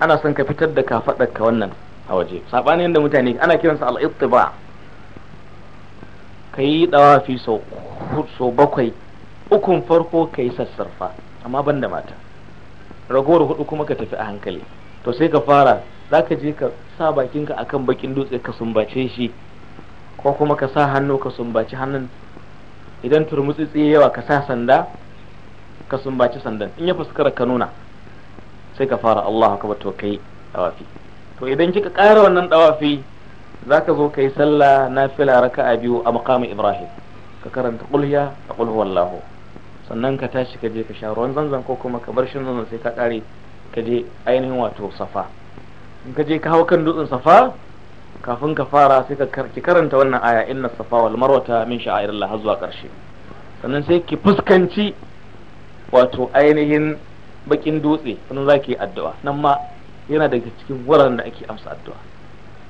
ana son ka fitar da ka wannan a waje sabani yadda mutane ana kiransa ba ka yi dawafi sau so bakwai ukun farko ka yi sassarfa amma ban da mata ragowar hudu kuma ka tafi a hankali to sai ka fara za ka je ka sa bakinka akan bakin dutse ka sumbace shi ko kuma ka sa hannu ka sumbaci hannun idan turmutsitsi yawa ka sa sanda ka sumbaci sandan in ya fuskara ka nuna sai ka fara allah akbar bato kai dawafi to idan kika ƙara wannan dawafi ka zo ka yi sallah na nafila a biyu a maqami ibrahim ka karanta ƙulya a qul huwallahu sannan ka tashi ka je ka sha ruwan zanzan ko kuma ka bar shi zanzan sai ka kare ka je ainihin wato safa in ka je ka hau kan dutsen safa kafin ka fara sai ka ki karanta wannan aya inna safa wal marwata min sha'airillah har zuwa karshe sannan sai ki fuskanci wato ainihin bakin dutse sannan za ki yi addu'a nan ma yana daga cikin wuraren da ake amsa addu'a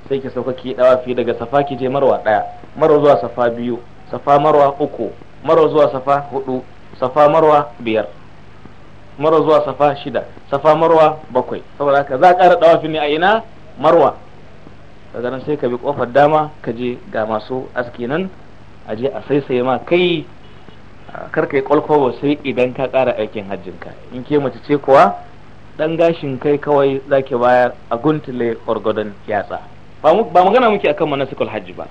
sai ki sauka ki dawa fi daga safa ki je marwa daya marwa zuwa safa biyu safa marwa uku marwa zuwa safa hudu safa marwa biyar marwa zuwa safa shida safa marwa bakwai saboda haka za kara ɗawafi ne a ina marwa daga nan sai ka bi kofar dama ka je ga masu aski nan a je a saisaye ma kai kar kai kwalkwabo sai idan ka kara aikin hajjinka in ke mace ce kuwa dan gashin kai kawai zaki bayar a guntule gwargwadon yatsa ba magana muke akan manasikul hajji ba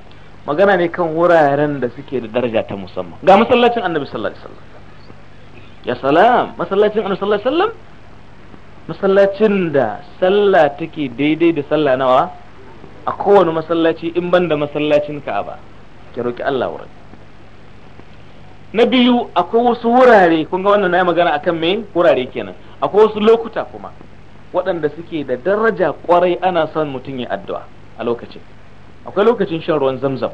magana ne kan wuraren da suke da daraja ta musamman ga masallacin annabi sallallahu alaihi wasallam ya salam masallacin annabi sallallahu alaihi wasallam masallacin da sallah take daidai da sallah nawa a kowane masallaci in banda masallacin Ka'aba ki roki Allah wurin na biyu akwai wasu wurare kun ga wannan na magana akan me wurare kenan akwai wasu lokuta kuma waɗanda suke da daraja kwarai ana son mutum ya addu'a a lokacin akwai lokacin shan ruwan zamzam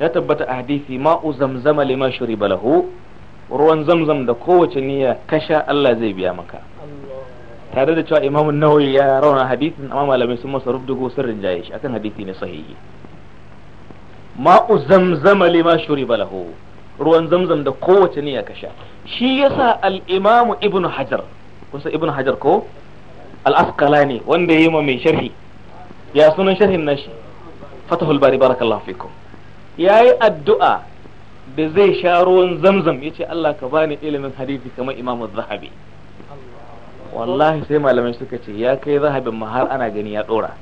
ya tabbata a hadisi ma'u zamzama lima shuri balahu. ruwan zamzam da kowace niyya kasha Allah zai biya maka tare da cewa imamun nawawi ya rauna hadisin amma malamai sun masa rubdugo sirrin jaye shi akan hadisi ne sahihi ma'u zamzama lima shuri balahu. ruwan zamzam da kowace niyya ka sha shi yasa al-imam Ibn hajar kusa ibnu hajar ko al-asqalani wanda yayi ma mai sharhi ya sunan sharhin nashi fatahul bari barakallahu fikum yayi addu'a da zai sha ruwan zamzam yace Allah ka bani ilimin hadisi kamar imamu zahabi wallahi sai malamai suka ce ya kai zahabin ma har ana gani ya dora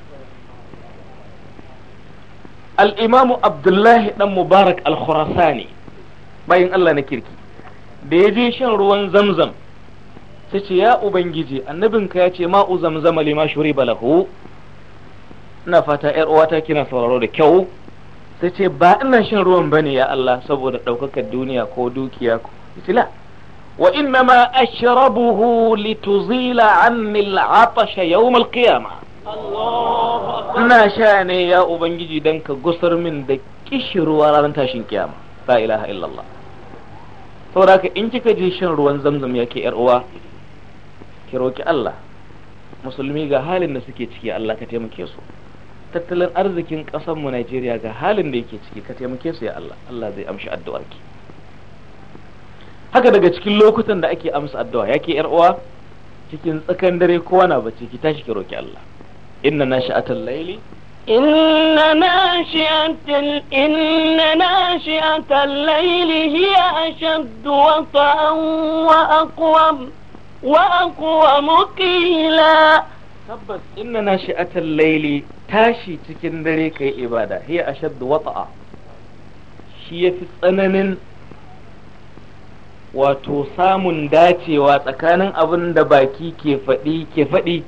al abdullahi dan mubarak al-khurasani bayin Allah na kirki da ya je shan ruwan zamzam sai ce ya ubangiji annabinka ya ce ma'u zamzama lima shuri balahu ina fata yar uwata kina sauraro da kyau sai ce ba ina shan ruwan bane ya Allah saboda ɗaukakar duniya ko dukiya ko isla wa inna ma ashrabuhu lituzila anni al'atash yawm al-qiyamah ina sha ne ya ubangiji dan ka gusar min da kishirwa ranar tashin kiyama la ilaha illallah saboda haka in kika ji shan ruwan zamzam ya ke uwa ki roki Allah musulmi ga halin da suke ciki Allah ka taimake su tattalin arzikin ƙasar mu Najeriya ga halin da yake ciki ka taimake su ya Allah Allah zai amshi addu'arki haka daga cikin lokutan da ake amsa addu'a yake ke uwa cikin tsakan dare kowa na bacci ki tashi ki roki Allah inna nashi'atal laili إن ناشئة, إن ناشئة الليل هي أشد وطأ وأقوم وأقوم قيلا إن ناشئة الليل تاشي تكندري كي إبادة هي أشد وطأ هي في الصنن وتصام داتي وتكان أبن دباكي كيف كيف كيفدي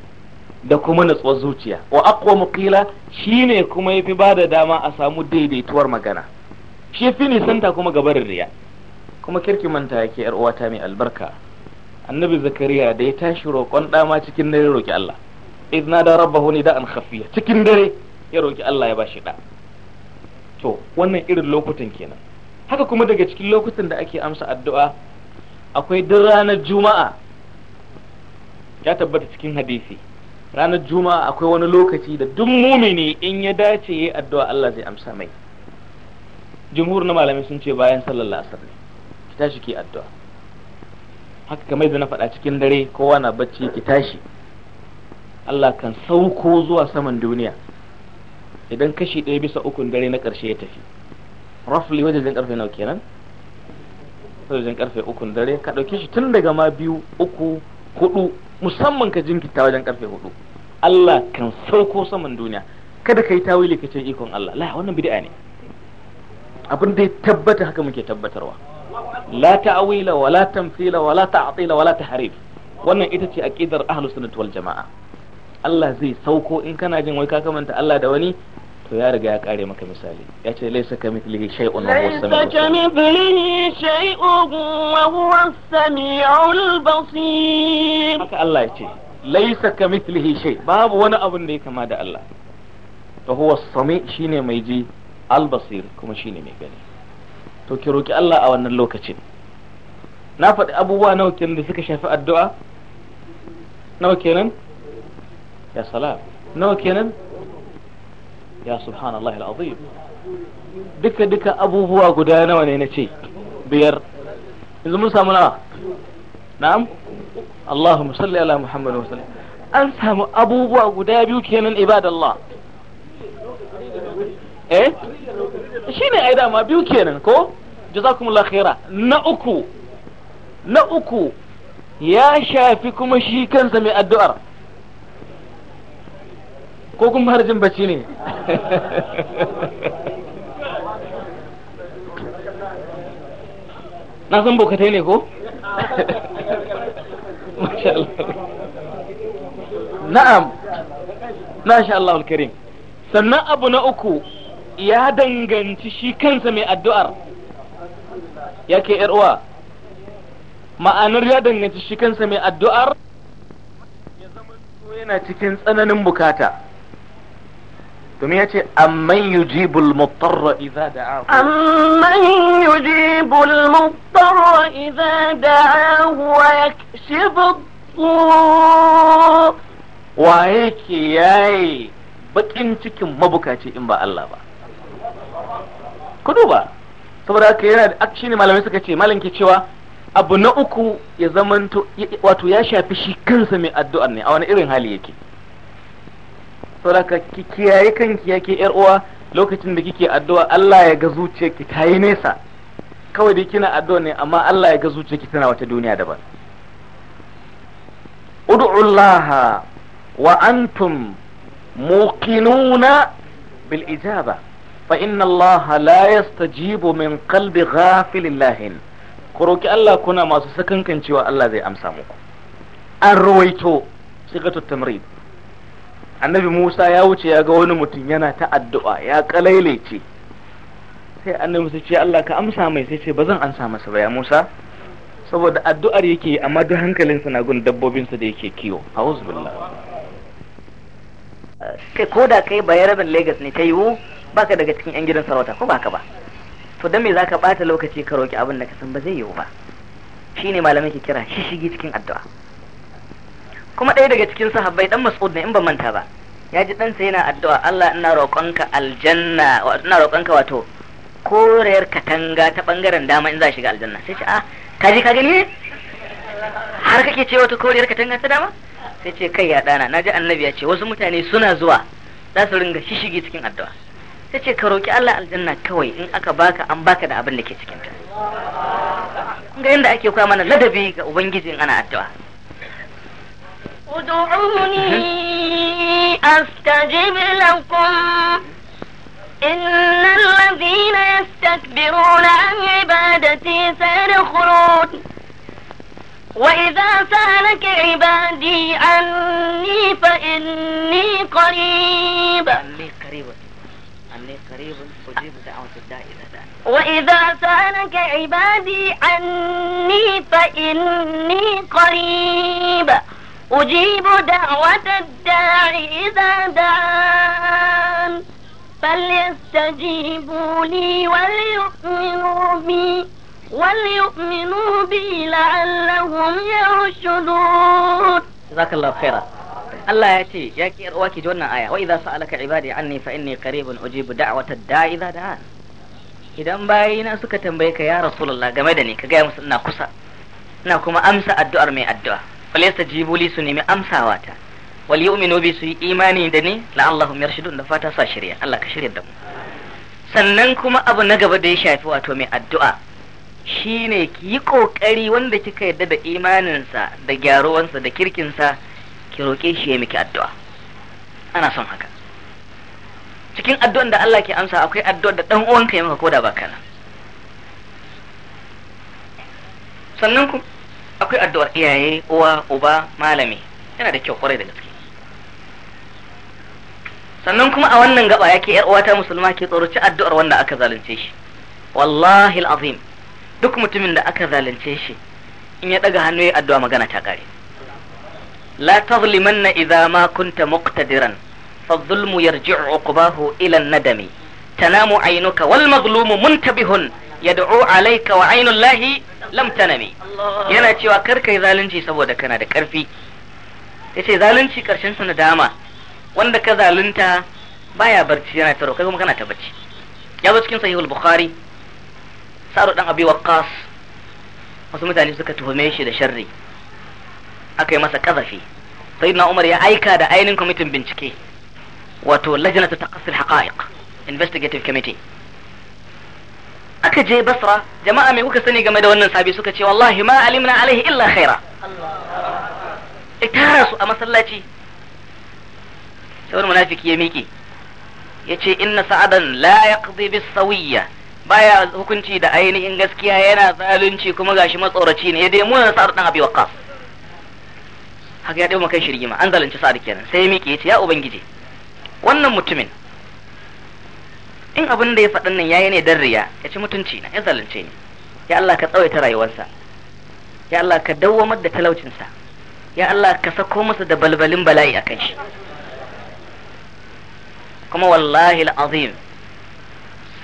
da kuma natsuwar zuciya wa aqwa muqila shine kuma yafi bada dama a samu daidaituwar magana shi fi nisanta kuma gabarin riya kuma kirki manta yake yar uwata mai albarka annabi zakariya da ya tashi roƙon dama cikin dare roƙi Allah idna da rabbahu da an khafiya cikin dare ya roƙi Allah ya bashi da to wannan irin lokutan kenan haka kuma daga cikin lokutan da ake amsa addu'a akwai duk ranar juma'a ya tabbata cikin hadisi ranar juma'a akwai wani lokaci da duk mumini in ya dace yayi addu'a Allah zai amsa mai jumhur na malamai sun ce bayan sallar la'asar ne ki tashi ki addu'a haka kamar da na faɗa cikin dare kowa na bacci ki tashi Allah kan sauko zuwa saman duniya idan kashi ɗaya bisa ukun dare na ƙarshe ya tafi roughly wajen ƙarfe nawa kenan wajen ƙarfe ukun dare ka ɗauki shi tun daga ma biyu uku hudu musamman ka jinkirta wajen karfe hudu Allah kan sauko saman duniya kada ka yi tawili ka ce ikon Allah la wannan bid'a ne abin da ya tabbata haka muke tabbatarwa la ta'wila wa la tamthila wa la ta'tila wa la tahrif wannan ita ce aqidar ahlus sunnah wal jamaa Allah zai sauko in kana jin wai ka kamanta Allah da wani to ya riga ya kare maka misali ya ce laisa ka mithlihi shay'un wa huwa samiu laisa ka mithlihi shay'un wa huwa samiul basir haka Allah ya ce laisa ka mithlihi shay babu wani abun da ya kama da Allah to huwa sami shine mai ji al basir kuma shine mai gani to ki roki Allah a wannan lokacin na faɗi abubuwa nawa kenan da suka shafi addu'a nawa kenan ya salam nawa kenan ya subhanallah al'azim duka duka abubuwa guda nawa ne na ce biyar yanzu mun samu nawa na'am Allahumma salli ala Muhammad wa sallam an samu abubuwa guda biyu kenan ibadallah eh shine ai dama biyu kenan ko jazakumullah khaira na uku na uku ya shafi kuma shi kansa mai addu'ar ko kun fara bacci ne na san bokatai ne ko na'am na sha Allah alkarim sannan abu na uku ya danganci shi kansa mai addu'ar yake uwa ma'anar ya danganci shi kansa mai addu'ar ya zama yana cikin tsananin bukata domin ya ce amman yujibul iza da ahu. amman yujibul iza da ahu wa yakshibu waye ke yaye bakin cikin mabukaci in ba Allah ba Kudu ba saboda haka yana da shi ne malamai suka ce malamai ke cewa abu na uku ya zamanto wato ya shafi shi kansa mai addu'ar ne a wani irin hali yake saboda ki kiyaye kanki yake yar uwa lokacin da kike addu'a Allah ya ga zuciyarki ta yi nesa kawai dai kina addu'a ne amma Allah ya ga zuciyarki tana wata duniya daban ud'u Allah wa antum muqinuna bil ijaba fa inna Allah la yastajibu min qalbi ghafilin lahin ku roki Allah kuna masu sakankan cewa Allah zai amsa muku an ruwaito sigatut tamrid annabi Musa ya wuce ya ga wani mutum yana ta addu'a ya ce sai annabi Musa ce Allah ka amsa mai sai ce ba zan amsa masa ba ya Musa saboda addu'ar yake amma duk hankalinsa na gun dabbobinsa da yake kiwo a'udhu billah kai ko da kai ba da Lagos ne ta yiwu baka daga cikin yan gidan sarauta ko baka ba to dan me zaka bata lokaci ka roki abin da ka san ba zai yiwu ba shine malamai ke kira shi shishigi cikin addu'a kuma ɗaya daga cikin sahabbai dan Mas'ud ne in ban manta ba ya ji dan sai yana addu'a Allah ina roƙonka aljanna ina roƙonka wato korayar katanga ta bangaren dama in za shiga aljanna sai ce a ah, ka ji ka gani ne har kake ce wato korayar katanga ta dama sai ce kai ya dana na ji annabi ya ce wasu mutane suna zuwa za su ringa shishigi cikin addu'a sai ce ka roƙi Allah aljanna kawai in aka baka an baka da abin da ke cikinta ga yadda ake kwa mana ladabi ga ubangiji in ana addu'a ادعوني إيه؟ أستجب لكم إن الذين يستكبرون عن عبادتي سيدخلون وإذا سألك عبادي عني فإني قريب قريب قريب أجيب دعوة الداعي وإذا سألك عبادي عني فإني قريب أجيب دعوة الداع إذا دعان فليستجيبوا لي وليؤمنوا بي وليؤمنوا بي لعلهم يرشدون جزاك الله خيرا الله يأتي يا كير واكي جونا آية وإذا سألك عبادي عني فإني قريب أجيب دعوة الداع إذا دعان إذا باينا سكتن بيك يا رسول الله قمدني كقيم سنة قصة نكما أمس الدؤر من الدؤر falesta jibuli su nemi amsawa ta wal yu'minu bi su yi imani da ni la'allahum yarshudun da fata sa shirya Allah ka shirya da mu sannan kuma abu na gaba da ya shafi wato mai addu'a shine ki yi kokari wanda kika yadda da imaninsa da gyaruwansa da kirkinsa ki roke shi ya miki addu'a ana son haka cikin addu'an da Allah ke amsa akwai addu'ar da dan uwanka ya maka koda ba kana sannan kuma. akwai addu'ar iyaye uwa uba malami yana da kyau kwarai da gaske sannan kuma a wannan gaba yake yar uwata musulma ke tsoroci addu'ar wanda aka zalunce shi wallahi alazim duk mutumin da aka zalunce shi in ya daga hannu ya addu'a magana ta kare la tazlimanna idza ma kunta muqtadiran fa dhulmu yarji'u uqbahu ila an-nadami tanamu aynuka wal mazlumu muntabihun da'u alaika wa ainul lahi lam tanami yana cewa kar yi zalunci saboda kana da karfi yace zalunci karshen na dama. wanda ka zalunta baya barci yana taro kai kuma kana ta barci ya zo cikin sahihul bukhari sa'ru dan abi waqqas wasu mutane suka tuhume shi da sharri aka yi masa kazafi sayyidina umar ya aika da ainin kwamitin bincike wato lajnatu taqassil haqa'iq investigative committee aka je basra jama'a me kuka sani game da wannan sabi suka ce wallahi ma alimna alaihi illa khaira tara su a masallaci sauran munafiki ya miƙe ya ce inna sa'adan la yaqdi bis sawiyya baya hukunci da ainihin gaskiya yana zalunci kuma gashi matsoraci ne ya dai mun sa'ad dan abi waqqas haka ya dai makan shirgima an zalunci sa'ad kenan sai ya miƙe ya ce ya ubangiji wannan mutumin in abin da ya faɗi nan yayi ne dan riya ya ci mutunci na ya zalunce ni ya Allah ka tsawaita rayuwarsa ya Allah ka dawwamar da talaucinsa ya Allah ka sako masa da balbalin bala'i akan shi kuma wallahi al'azim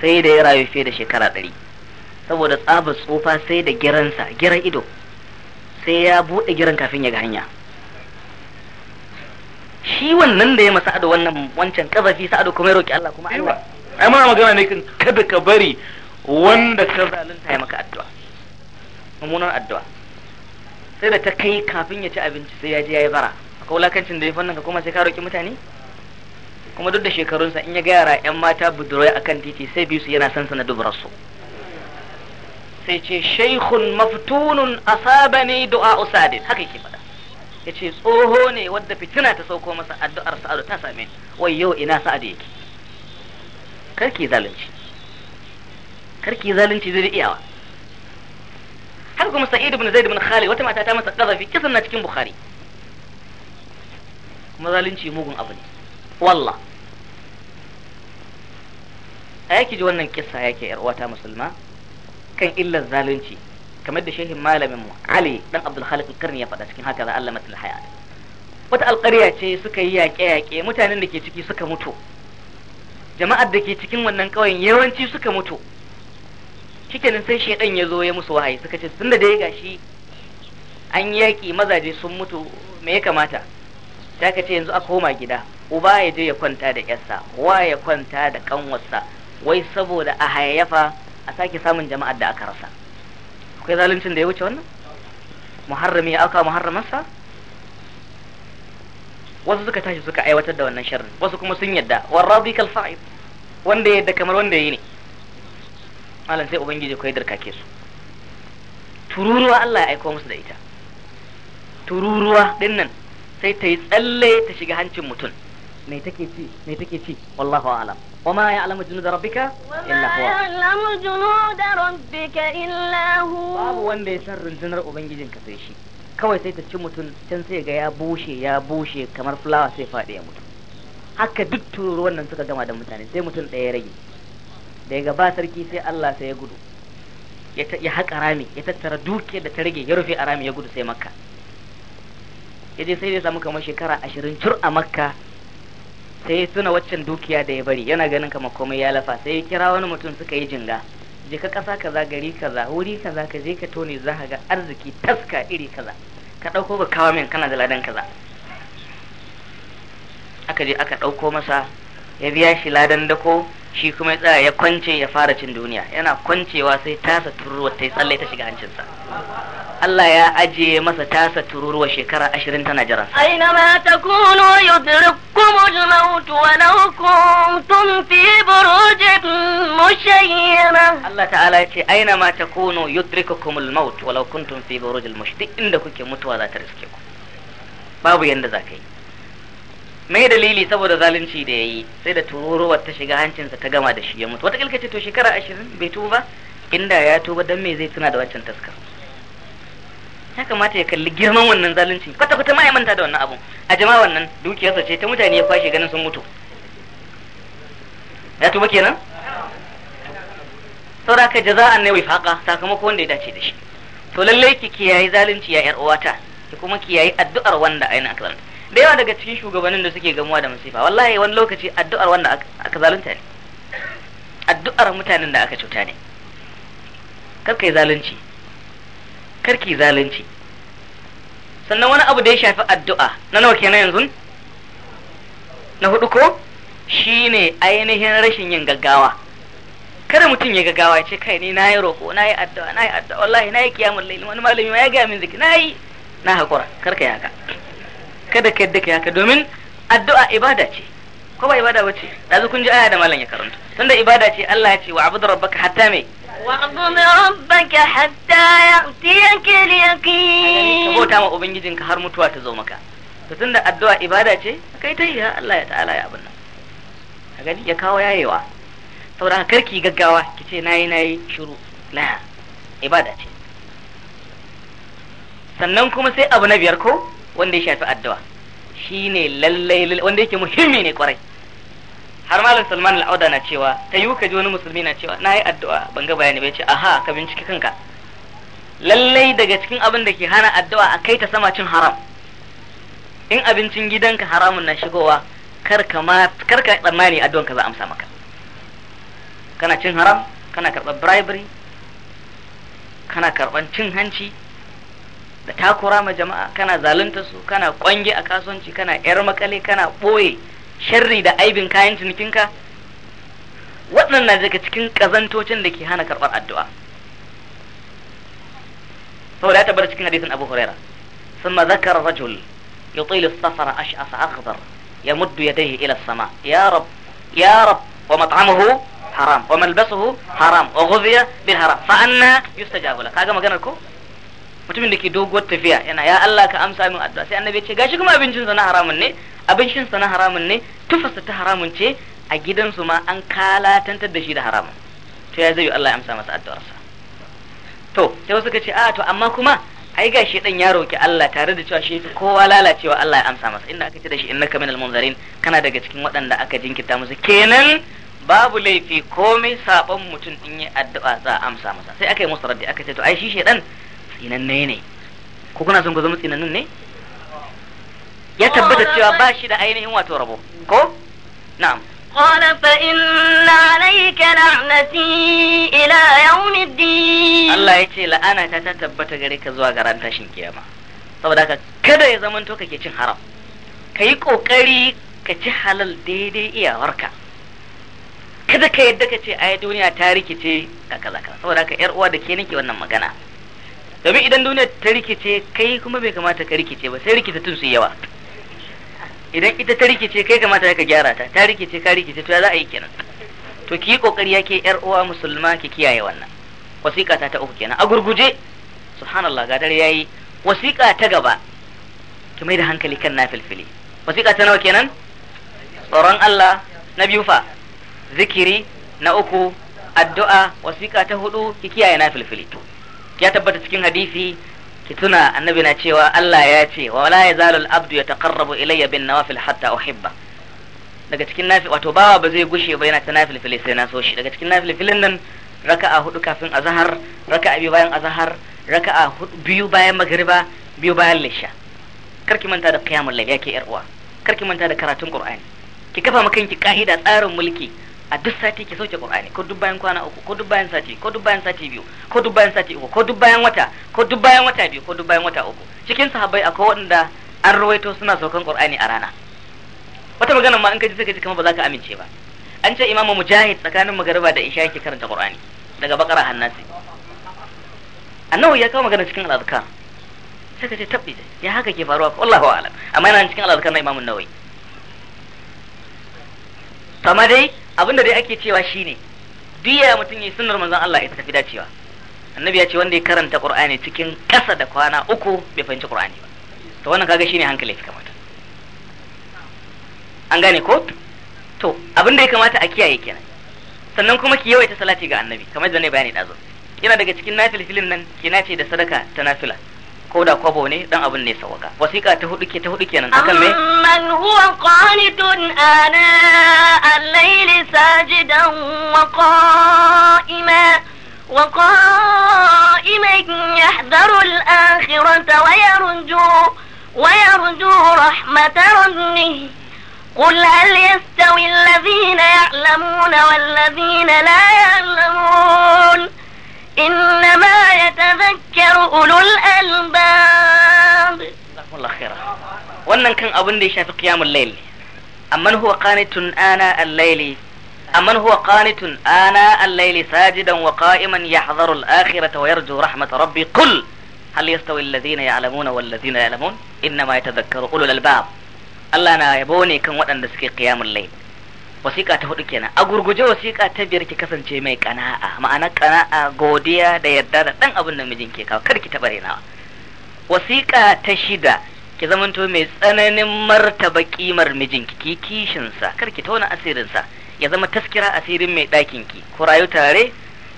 sai da ya rayu fiye da shekara ɗari saboda tsabar tsufa sai da giransa giran ido sai ya buɗe giran kafin ya ga hanya shi wannan da ya masa ado wannan wancan kazafi sa'adu kuma ya roƙi Allah kuma Allah ai muna magana ne kan kada ka bari wanda ka zalunta ya maka addu'a mummunar addu'a sai da ta kai kafin ya ci abinci sai ya je ya yi bara akwai wulakancin da ya fannin ka kuma sai ka roƙi mutane kuma duk da shekarunsa in ya ga yara yan mata budurwai akan titi sai biyu su yana son sana dubararsu sai ce shaikhun maftunun asabani du'a usadin haka yake faɗa yace tsoho ne wadda fitina ta sauko masa addu'ar sa'adu ta same ni wai yau ina sa'adu yake karki zalunci karki zalunci zai iyawa har kuma sa'id ibn zaid ibn Khali wata mata ta masa kazafi kisan na cikin bukhari kuma zalunci mugun abu ne wallah a yake ji wannan kissa yake yar uwata musulma kan illar zalunci kamar da shehin malamin mu ali dan abdul khaliq karni ya faɗa cikin haka za Allah matul hayat wata alƙarya ce suka yi yaƙe-yaƙe mutanen da ke ciki suka mutu jama'ar da ke cikin wannan ƙauyen yawanci suka mutu shikenan sai shaidan ya zo ya musu wahayi suka ce tunda dai gashi an yaƙi mazaje sun mutu me ya kamata ta ka ce yanzu a koma gida uba ya je ya kwanta da yarsa wa ya kwanta da kanwarsa wai saboda a hayayyafa a sake samun jama'ar da aka rasa akwai zaluncin da ya wuce wannan muharrami ya auka muharramansa wasu suka tashi suka aiwatar da wannan sharrin wasu kuma sun yadda warradi kal fa'il wanda yadda kamar wanda yi ne malam sai ubangiji ko ya darkake su tururuwa Allah ya aiko musu da ita tururuwa din nan sai ta yi tsalle ta shiga hancin mutum me take ci me take ci wallahu a'lam وما يعلم جنود ربك إلا هو يعلم ya'lamu ربك rabbika illa babu wanda ya san rundunar ubangijinka sai shi kawai sai ta ci mutum can sai ga ya bushe ya bushe kamar fulawa sai faɗi ya mutu haka duk tururuwan nan suka gama da mutane sai mutum ɗaya rage daga ba sarki sai Allah sai ya gudu ya haƙa rami ya tattara dukiyar da ta rage ya rufe a rami ya gudu sai makka ya je sai ya samu kamar shekara ashirin cur a makka sai ya tuna waccan dukiya da ya bari yana ganin kamar komai ya lafa sai ya kira wani mutum suka yi jinga je ka kasa kaza gari kaza wuri kaza ka je ka tone za ga arziki taska iri kaza ka ɗauko ka kawo min kana da ladan kaza aka je aka ɗauko masa ya biya shi ladan dako shi kuma ya tsaya ya kwance ya fara cin duniya yana kwancewa sai tasa turuwa ta yi tsalle ta shiga hancinsa Allah ya ajiye masa tasa tururuwa shekara ashirin tana jiransa. Aina ma ta kuno yudrikumul jimautu wa law kuntum fi burujin mushayyana. Allah ta'ala ce aina ma ta kuno kuma jimautu wa law kuntum fi burujin mushayyana. duk inda kuke mutuwa za ta riske ku. Babu yanda za ka yi. Mai dalili saboda zalunci da ya yi sai da tururuwar ta shiga hancinsa ta gama da shi ya mutu. Wata ce to shekara ashirin bai tuba inda ya tuba don me zai tuna da waccan taskar. ya kamata ya kalli girman wannan zalunci kwata kwata ma ya manta da wannan abun a jama'a wannan dukiyarsa ce ta mutane ya kwashe ganin sun mutu ya tuba kenan saboda ka jaza'an ne wifaka sakamako wanda ya dace da shi to lallai ki kiyaye zalunci ya yar uwata ki kuma kiyaye addu'ar wanda a yana zalunta da yawa daga cikin shugabannin da suke gamuwa da masifa wallahi wani lokaci addu'ar wanda aka zalunta ne addu'ar mutanen da aka cuta ne kar yi zalunci karki zalunci sannan wani abu da ya shafi addu'a na nawa kenan yanzu na hudu ko shine ainihin rashin yin gaggawa kada mutum ya gaggawa ya ce kai ni na yi roko na yi addu'a na yi addu'a wallahi na yi kiyamun laili wani malami ma ya gaya min zikiri na yi na haƙura kar ka yaka kada ka yadda ka yaka domin addu'a ibada ce ko ba ibada ba ce yanzu kun ji aya da malam ya karanta tunda ibada ce Allah ya ce wa abudu rabbaka hatta mai واعبد ربك حتى يأتيك اليقين كبوتا ما أبنجدين كهر متوى تزومك فتند الدعاء إبادة شيء كي تيها الله تعالى يا أبنا أقول يا كاو يا يوا saboda karki gaggawa ki ce nayi nayi shiru na ibada ce sannan kuma sai abu na biyar ko wanda ya shafi addu'a shine lallai wanda yake muhimmi ne kwarai har malam salman al'auda na cewa ta yiwu ka wani musulmi na cewa na yi addu'a ban ga bayani bai ce aha ka binciki kanka lallai daga cikin abin da ke hana addu'a a kai ta sama cin haram in abincin gidanka haramun na shigowa kar ka tsammani addu'an ka za amsa maka kana cin haram kana karɓar bribery kana karɓar cin hanci da takura ma jama'a kana zalunta su kana kwange a kasuwanci kana yar makale kana ɓoye sharri da aibin kayan cinikinka waɗannan daga cikin ƙazantocin da ke hana karɓar addu'a saboda ya tabbata cikin hadisin abu huraira ثم ذكر رجل يطيل السفر أشعث أخضر يمد يديه إلى السماء يا رب يا رب ومطعمه حرام وملبسه حرام وغذي بالحرام فأنا يستجاب لك هذا ما قالكم mutumin da ke doguwar tafiya yana ya Allah ka amsa min addu'a sai annabi ya ce gashi kuma abincin sa na haramun ne abincin sa na haramun ne tufasa ta haramun ce a gidansu ma an kalatantar da shi da haramun to ya zai Allah ya amsa masa addu'arsa to sai wasu ka ce a to amma kuma ai gashi dan ya roki Allah tare da cewa shi kowa lalacewa Allah ya amsa masa inda aka ce da shi innaka minal munzarin kana daga cikin waɗanda aka jinkirta musu kenan babu laifi komai sabon mutum in yi addu'a za a amsa masa sai aka yi musu raddi aka ce to ai shi shedan tsinanne ne ko kuna son ku zama tsinannun ne ya tabbata cewa ba shi da ainihin wato rabo ko na'am قال فإن عليك لعنتي إلى يوم الدين الله يتي لأنا تتبت غريك زوا غران تاشين كياما saboda haka kada ya zamanto kake cin haram ka yi ƙoƙari ka ci halal daidai iyawarka kada ka yadda ka ce ai duniya ta rikice ka kaza kaza saboda haka yar uwa da ke nake wannan magana domin idan duniya ta rikice kai kuma bai kamata ka rikice ba sai rikita tun su yawa idan ita ta rikice kai kamata ka gyara ta ta rikice ka rikice to za a yi kenan to ki yi kokari yake yar uwa musulma ki kiyaye wannan wasiƙa ta ta uku kenan a gurguje subhanallah ga dare yayi wasiƙa ta gaba ki mai da hankali kan nafilfili wasiƙa ta nawa kenan tsoron Allah na biyu fa zikiri na uku addu'a wasiƙa ta hudu ki kiyaye nafilfili ya tabbata cikin hadisi ki tuna annabi na cewa Allah ya ce wa la yazalul abdu yataqarrabu ilayya bin nawafil hatta uhibba daga cikin nafi wato bawa ba zai gushe ba yana ta nafilfili sai na so shi daga cikin nafilfilin nan raka'a hudu kafin azhar raka'a biyu bayan azhar raka'a biyu bayan magriba biyu bayan lisha karki manta da qiyamul layl yake yar uwa karki manta da karatun qur'ani ki kafa maka kanki ka'ida tsarin mulki a duk sati ke sauke qur'ani ko duk bayan kwana uku ko duk bayan sati ko duk bayan sati biyu ko duk bayan sati uku ko duk bayan wata ko duk bayan wata biyu ko duk bayan wata uku cikin sahabbai akwai waɗanda an rawaito suna saukan qur'ani a rana wata magana ma in ka ji sai ka ji kamar ba za ka amince ba an ce imamu mujahid tsakanin magariba da isha yake karanta qur'ani daga bakara hannasi nawa ya kawo magana cikin al'adukan sai ka ce tabbi ya haka ke faruwa wallahu a'lam amma yana cikin al'adukan na imamu nawai amma dai abin da dai ake cewa shine duk ya mutum yi sunnar manzon Allah ya tafi dacewa annabi ya ce wanda ya karanta qur'ani cikin kasa da kwana uku bai fahimci qur'ani ba to wannan kaga shine hankali ya kamata an gane ko to abin da ya kamata a kiyaye kenan sannan kuma ki yawaita salati ga annabi kamar da ne bayani dazo yana daga cikin nafili-filin nan kina ce da sadaka ta nafila ko da kwabo ne dan abin ne sawaka wasiƙa ta hudu ke ta hudu kenan akan me man huwa qanitun ana al-layli sajidan wa qa'ima wa qa'ima yahdharu al-akhirata wa yarju wa yarju rahmata rabbih قل هل يستوي الذين يعلمون والذين لا يعلمون إنما يتذكر أولو الألباب جزاكم الله خيرا wannan kan abin da ya shafi qiyamul layl amman huwa qanitun ana al-layli amman huwa qanitun ana al-layli sajidan wa qa'iman yahdharu al-akhirata wa yarju rahmat rabbi qul hal yastawi alladhina ya'lamuna wal ladhina ya'lamun inma yatadhakkaru ulul albab Allah na yabo ne kan waɗanda suke qiyamul layl wasiƙa ta hudu kenan a gurguje wasiƙa ta biyar ki kasance mai ƙana'a, ma'ana ƙana'a, godiya da yarda da ɗan abin da mijin ke kawo kar ki taɓa rainawa wasiƙa ta shida ki zamanto mai tsananin martaba kimar mijinki ki kishinsa kar ki asirin asirinsa ya zama taskira asirin mai ɗakin ki ku rayu tare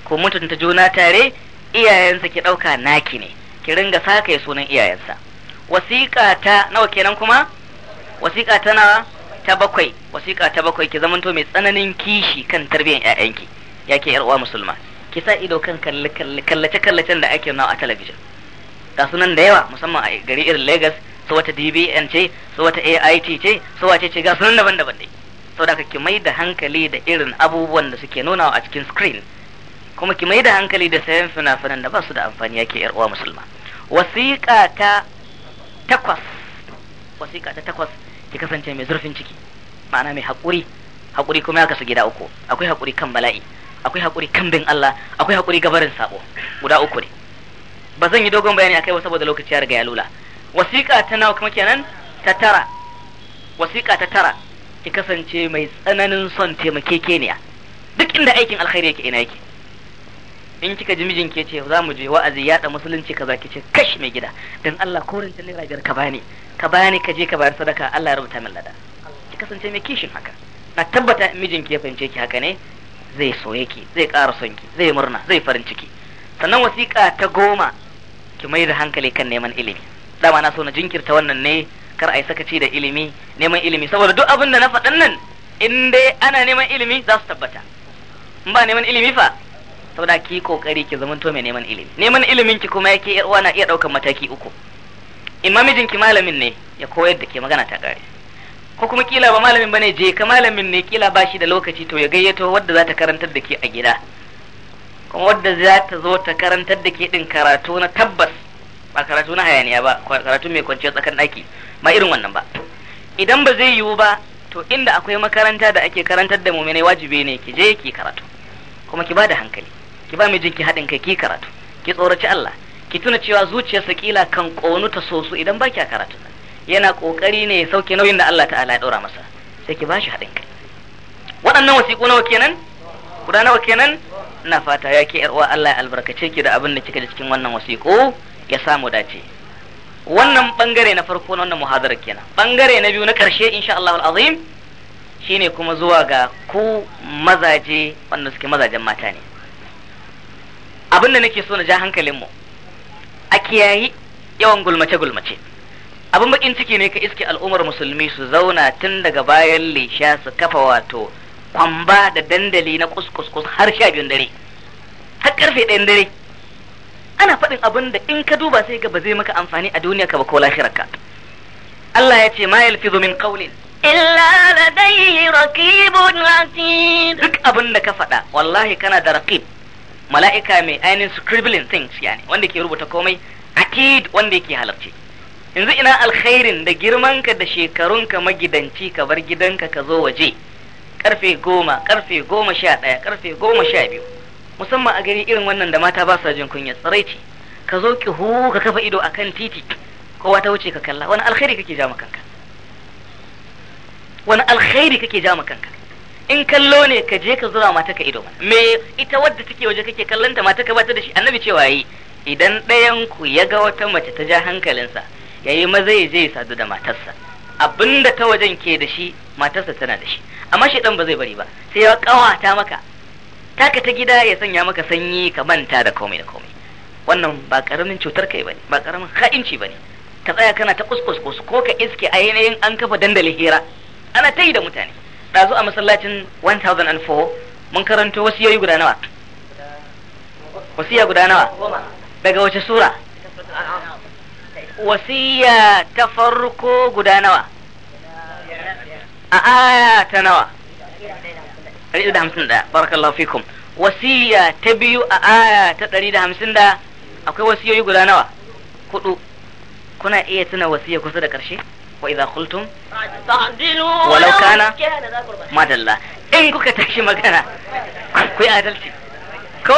ko mutunta juna tare iyayensa ki ɗauka naki ne ki ringa kai sunan iyayensa wasiƙa ta nawa kenan kuma wasiƙa ta nawa ta bakwai wasiƙa ta bakwai ki zamanto mai tsananin kishi kan tarbiyyar ƴaƴanki ke yar uwa musulma ki sa ido kan kallace kallacen da ake nawa a talabijin ga sunan da yawa musamman a gari irin Lagos su wata DBN ce su wata AIT ce su wace ce ga sunan daban-daban dai da, ki mai da hankali da irin abubuwan da suke nuna a cikin screen kuma ki mai da hankali da sayan fina-finan da ba su da amfani yake yar uwa musulma wasiƙa takwas wasiƙa ta takwas ki kasance mai zurfin ciki ma'ana mai haƙuri haƙuri kuma ya kasu gida uku akwai haƙuri kan bala'i akwai haƙuri kan bin Allah akwai haƙuri gabarin sabo guda uku ne ba zan yi dogon bayani akai ba saboda lokaci ya riga ya lula wasiƙa ta nawa kuma kenan ta tara wasiƙa ta tara ki kasance mai tsananin son taimakekeniya duk inda aikin alkhairi yake ina yake in kika ji mijin ke ce za mu je wa'azi yaɗa musulunci kaza ki ce kash mai gida dan Allah ko ranta naira biyar ka bani ka bani ka je ka bayar sadaka Allah ya rubuta min lada ki kasance mai kishin haka na tabbata mijin ki ya fahimce ki haka ne zai soye ki zai ƙara son ki zai murna zai farin ciki sannan wasiƙa ta goma ki mai da hankali kan neman ilimi dama na so na jinkirta wannan ne kar a yi sakaci da ilimi neman ilimi saboda duk abin da na faɗan nan in dai ana neman ilimi za su tabbata in ba neman ilimi fa saboda ki kokari ki zamanto mai neman ilimi neman ilimin ki kuma yake yar uwa na iya daukan mataki uku imamijin mijinki malamin ne ya koyar da ke magana ta kare ko kuma kila ba malamin bane je ka malamin ne kila ba shi da lokaci to ya gayyato wadda za ta karantar da ke a gida kuma wadda za ta zo ta karantar da ke din karatu na tabbas ba karatu na hayaniya ba karatu mai kwanciyar tsakan daki ma irin wannan ba idan ba zai yiwu ba to inda akwai makaranta da ake karantar da mu muminai wajibi ne ki je ki karatu kuma ki bada hankali ki ba ki haɗin kai ki karatu ki tsoraci Allah ki tuna cewa zuciyarsa kila kan ƙonu ta soso idan ba kya karatu yana ƙoƙari ne ya sauke nauyin da Allah ta'ala ya ɗora masa sai ki ba shi haɗin kai waɗannan wasiƙu nawa kenan guda nawa kenan ina fata ya ke uwa Allah ya albarkace ki da abin da kika ji cikin wannan wasiƙu ya samu dace wannan bangare na farko na wannan muhadara kenan bangare na biyu na ƙarshe insha Allah al'azim shine kuma zuwa ga ku mazaje wanda suke mazajen mata ne abin da nake so na ja hankalinmu a kiyayi yawan gulmace-gulmace abin bakin ciki ne ka iske al'ummar musulmi su zauna tun daga bayan lisha su kafa wato kwamba da dandali na kuskus har sha biyun dare har karfe ɗayan dare ana faɗin abin da in ka duba sai ka ba zai maka amfani a duniya ka ba ko lahirarka Allah ya ce ma yalfizu min qawlin illa ladayhi raqibun atid duk abin da ka faɗa wallahi kana da raqib mala'ika mai ainihin scribbling things yani wanda ke rubuta komai akid wanda yake halarci yanzu ina alkhairin da girmanka da shekarunka magidanci ka bar gidanka ka zo waje karfe goma karfe goma sha ɗaya karfe goma sha biyu musamman a gari irin wannan da mata ba sa jin kunya ce, ka zo ki hu ka kafa ido akan titi kowa ta wuce ka kalla wani alkhairi kake ja kanka wani alkhairi kake ja kanka in kallo ne ka je ka zura mata ka ido me ita wadda take waje kake kallon ta mata ka bata da shi annabi cewa yi idan ɗayan ku ya ga wata mace ta ja hankalinsa yayi maza ya je ya sadu da matarsa abinda ta wajen ke da shi matarsa tana da shi amma dan ba zai bari ba sai ya kawata maka taka ta gida ya sanya maka sanyi ka manta da komai da komai wannan ba karamin cutar kai bane ba karamin ha'inci bane ka tsaya kana ta kuskus ko ka iske ainihin an kafa dandalin hira ana ta yi da mutane ɗazu a masallacin 1004 mun karanto wasiyoyi guda nawa wasiya guda nawa daga wace sura wasiya ta farko guda nawa a aya ta nawa ɗari da hamsin da barakallahu fikum wasiya ta biyu a aya ta ɗari da hamsin da akwai wasiyoyi guda nawa kudu kuna iya tuna wasiya kusa da ƙarshe wa idza qultum walau kana madalla in kuka tashi magana ku adalci ko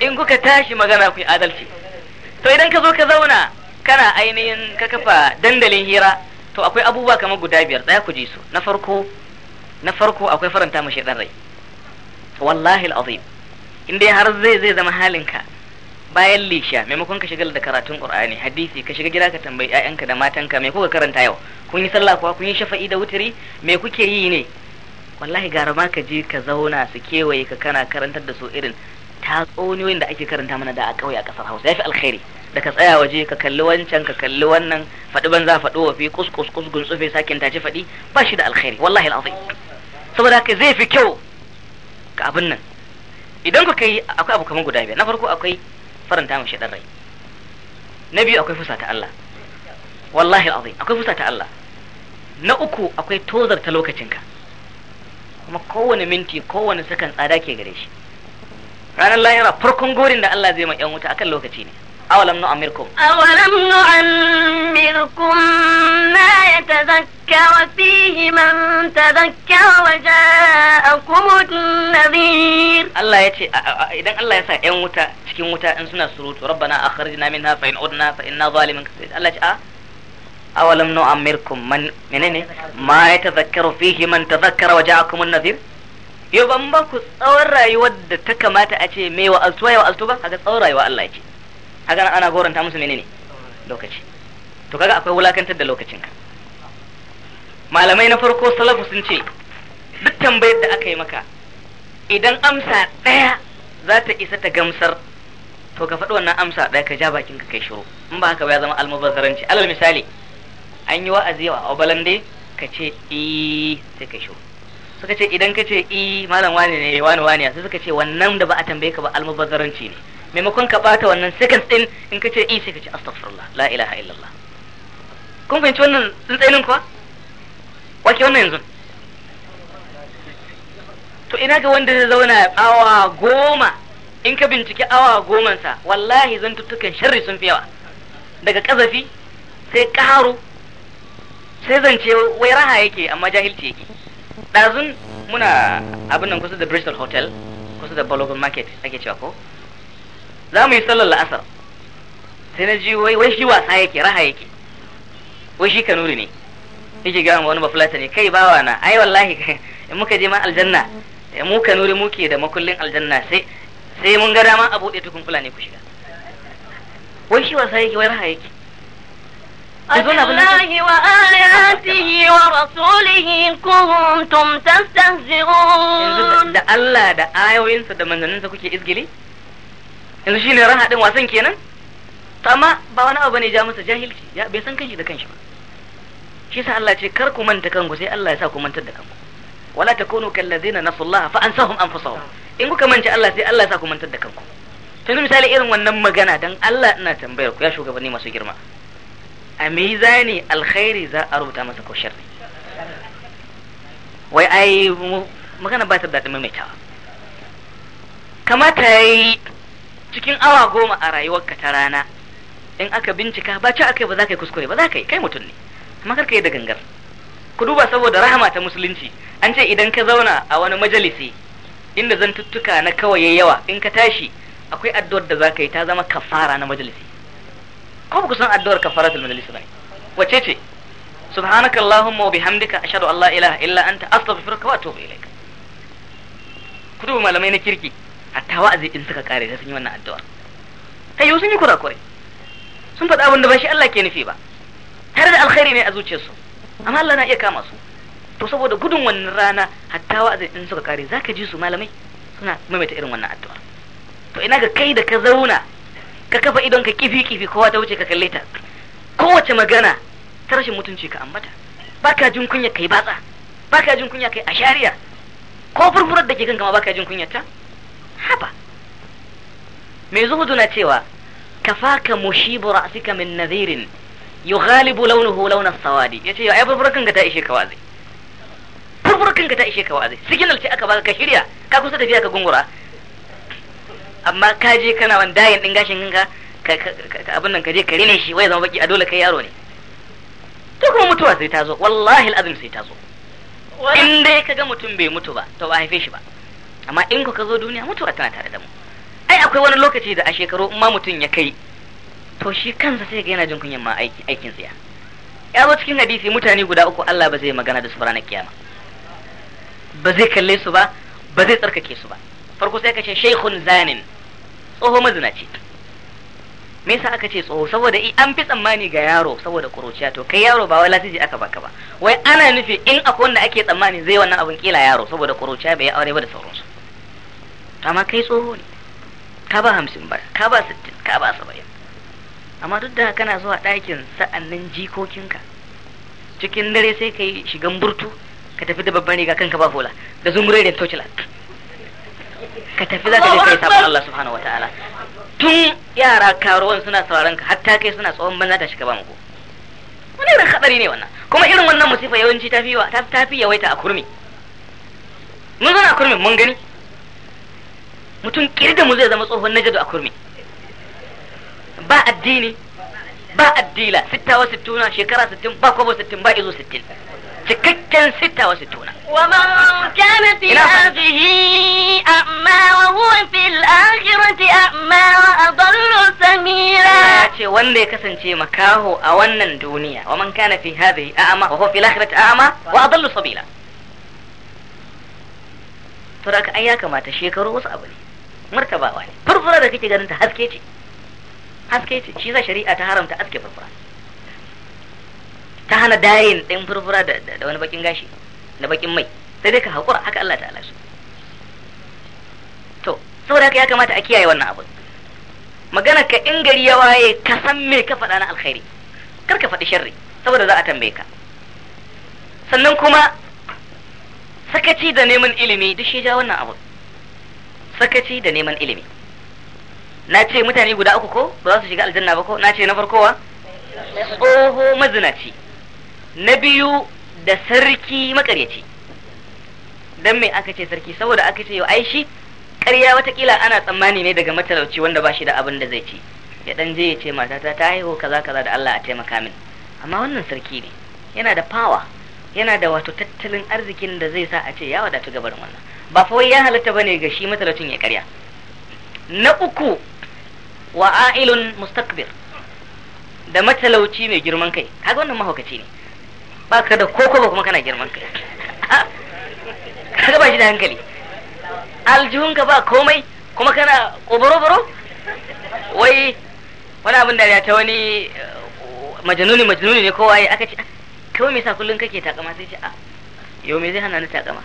in kuka tashi magana ku adalci to idan ka zo ka zauna kana ainihin ka kafa dandalin hira to akwai abubuwa kamar guda biyar tsaya ku je su na farko akwai faranta mu shedan rai wallahi alazim in dai har zai zai zama halinka bayan lisha maimakon ka shigar da karatun qur'ani hadisi ka shiga gida ka tambayi ƴaƴanka da matanka me kuka karanta yau kun yi sallah kuwa kun yi shafa'i da wutiri me kuke yi ne wallahi gara ma ka je ka zauna su kewaye ka kana karantar da su irin tatsuniyoyin da ake karanta mana da a ƙauye a ƙasar Hausa yafi alkhairi da ka tsaya waje ka kalli wancan ka kalli wannan faɗi banza faɗo wafi kuskus kusgun tsufe sakin tace faɗi ba shi da alkhairi wallahi alazim saboda haka zai fi kyau ka abin nan idan ku kai akwai abu kamar guda biyar na farko akwai faranta mu dan rai na biyu akwai fusa ta Allah wallahi azim akwai fusa ta Allah na uku akwai tozar tozarta lokacinka kuma kowane minti kowane sakan tsada ke gare shi ranar lahira farkon gorin da Allah zai ma yan wuta akan lokaci ne أولم نؤمركم أولم نؤمركم ما يتذكر فيه من تذكر وجاءكم النذير الله يتي إذا الله يسا يوم متى تكي متى إنسنا سنة سروت ربنا أخرجنا منها فإن عدنا فإنا ظالم الله يتي أولم نؤمركم من منيني ما يتذكر فيه من تذكر وجاءكم النذير يبقى مبكوس تصور رأي ود تكمات أتي مي وألتوا وألتوا هذا تصور رأي الله يتي haka ana goranta musu menene lokaci to kaga akwai wulakantar da lokacin ka malamai na farko salafu sun ce duk tambayar da aka yi maka idan amsa ɗaya za ta isa ta gamsar to ka faɗi wannan amsa ɗaya ka ja bakin ka kai shiru in ba haka ba ya zama almubazzaranci alal misali an yi wa'azi wa obalande ka ce i e, sai ka shiru suka ce idan ka ce i e, malam wane ne wani wani sai suka ce wannan da ba a tambaye ka ba almubazzaranci ne maimakon ka bata wannan seconds din in ka ce eh, sai ka astaghfirullah la ilaha illallah kun fahimci wannan tsintsainin kuwa wake wannan yanzu to ina ga wanda zai zauna awa goma in ka binciki awa gomansa wallahi zan zantuttukan sharri sun fi yawa daga kazafi sai karo sai zance wai raha yake amma jahilci yake ɗazun muna abin nan kusa da bristol hotel kusa da balogun market ake cewa ko za mu yi sallar la'asar sai na ji wai wai shi wasa yake raha yake wai shi kanuri ne yake gawa wani bafulata ne kai bawa na ai wallahi in muka je ma aljanna eh, mu kanuri muke da makullin aljanna sai sai mun ga dama a buɗe tukun fulani ku shiga wai shi wasa yake wai raha yake الله وآياته ورسوله كنتم تستهزئون da Allah da ayoyinsa da manzanninsa kuke izgili yanzu shine ran haɗin wasan kenan to amma ba wani abu bane ja masa jahilci ya bai san kanshi da kanshi ba shi yasa Allah ce kar ku manta kanku sai Allah ya sa ku mantar da kanku wala takunu na nasullaha fa ansahum anfusahum in kuka manta Allah sai Allah ya sa ku mantar da kanku yanzu misali irin wannan magana dan Allah ina tambayar ku ya shugabanni masu girma a mizani alkhairi za a rubuta masa ko sharri wai ai magana ba ta da tawa. kamata yayi cikin awa goma a rayuwarka ta rana in aka bincika ba ci aka ba za ka yi kuskure ba za ka yi kai mutum ne amma kar ka yi da gangar ku duba saboda rahama ta musulunci an ce idan ka zauna a wani majalisi inda tuttuka na kawai yawa in ka tashi akwai addu'ar da za ka yi ta zama kafara na majalisi ko ba ku san addu'ar kafaratul majalisi ba wace ce subhanaka allahumma wa bihamdika ashhadu an la ilaha illa anta astaghfiruka wa atubu ilaik ku duba malamai na kirki a a in suka kare sai sun yi wannan addu'a yau sun yi kurakurai sun faɗa abin da ba shi Allah ke nufi ba tare da alkhairi ne a zuciyarsu amma Allah na iya kama su to saboda gudun wannan rana hatta wa'azin in suka kare zaka ji su malamai suna maimaita irin wannan addu'a to ina ga kai da ka zauna ka kafa idon ka kifi kifi kowa ta wuce ka kalle ta kowace magana ta rashin mutunci ka ambata baka jin kunya kai batsa baka jin kunya kai ashariya ko furfurar da ke kan kama baka jin kunyar ta haba mai zuhudu na cewa kafaka mushibu ra'sika min nadhirin yughalibu launuhu launa sawadi yace ya burburkan ka ta ishe ka wazi burburkan ka ta ishe ka wazi signal ce aka baka ka shirya ka kusa tafiya ka gungura amma ka je kana wani dayin din gashin kanka abin nan ka je ka rine shi wai zama baki a dole kai yaro ne to kuma mutuwa sai ta zo wallahi al'azim sai ta zo in dai ga mutum bai mutu ba to ba haife shi ba amma in ku ka zo duniya mutuwa tana tare da mu ai akwai wani lokaci da a shekaru in ma mutum ya kai to shi kansa sai ga yana jin kunyan ma aikin tsiya ya zo cikin hadisi mutane guda uku Allah ba zai magana da su ranar kiyama ba zai kalle su ba ba zai tsarkake su ba farko sai ka ce shaykhun zanin tsoho mazinaci me yasa aka ce tsoho saboda an fi tsammani ga yaro saboda kuruciya to kai yaro ba wai lasiji aka baka ba wai ana nufi in akwai wanda ake tsammani zai wannan abin kila yaro saboda kuruciya bai aure ba da sauransu amma kai tsoho ne ka ba hamsin ba ka ba sittin ka ba saba'in amma duk da kana zuwa ɗakin sa'annan jikokinka cikin dare sai ka yi shigan burtu ka tafi da babban riga kanka ba fola da zumure da tocila ka tafi za ka je kai sabon Allah subhanahu wa ta'ala tun yara karuwan suna sauraron ka hatta kai suna tsohon banza ta shiga ba muku wani irin hadari ne wannan kuma irin wannan musifa yawanci ta fi yawaita a kurmi mun zana na kurmin mun gani mutum kirda mu zai zama tsohon na najadu a kurmi ba addini ba addila sittawa sittuna shekara sittin ba kwabo sittin ba izo sittin cikakken sittawa sittuna ومن كان في هذه أعمى وهو في الآخرة أعمى وأضل سميرا ce wanda ya kasance makaho a wannan duniya wa man kana fi hadhihi a'ma wa huwa fil akhirati a'ma wa adallu sabila to da ya kamata shekaru wasu abu ne martabawa ne furfura da kake ganin ta haske ce haske ce shi za shari'a ta haramta aske furfura ta hana dayin ɗin furfura da wani bakin gashi da bakin mai sai dai ka haƙura haka Allah ta'ala su to saboda haka ya kamata a kiyaye wannan abu magana ka in gari ya waye ka san me ka faɗa na alkhairi kar ka faɗi sharri saboda za a tambaye ka sannan kuma sakaci da neman ilimi duk shi ja wannan abu sakaci da neman ilimi na ce mutane guda uku ko ba za su shiga aljanna ba ko na ce na farko wa. tsoho mazinaci na biyu da sarki makaryaci dan me aka ce sarki saboda aka ce yau ai shi ƙarya watakila ana tsammani ne daga matalauci wanda ba shi da abin da zai ci ya dan je ya ce matata ta haihu kaza kaza da Allah a taimaka min amma wannan sarki ne yana da fawa yana da wato tattalin arzikin da zai sa a ce ya wadatu gabar wannan ba fa ya halatta bane ga shi matalacin ya karya na uku wa ailun mustakbir da matalauci mai girman kai kaga wannan mahaukaci ne ba ka da koko ba kuma kana girman kai kaga ba shi da hankali aljihunka ba komai kuma kana kobaro boro wai wani abin da ya ta wani uh, majanuni majanuni ne kowa ya aka ce ah, kawai me sa kullum kake takama sai ce a ah, yau me zai hana ni takama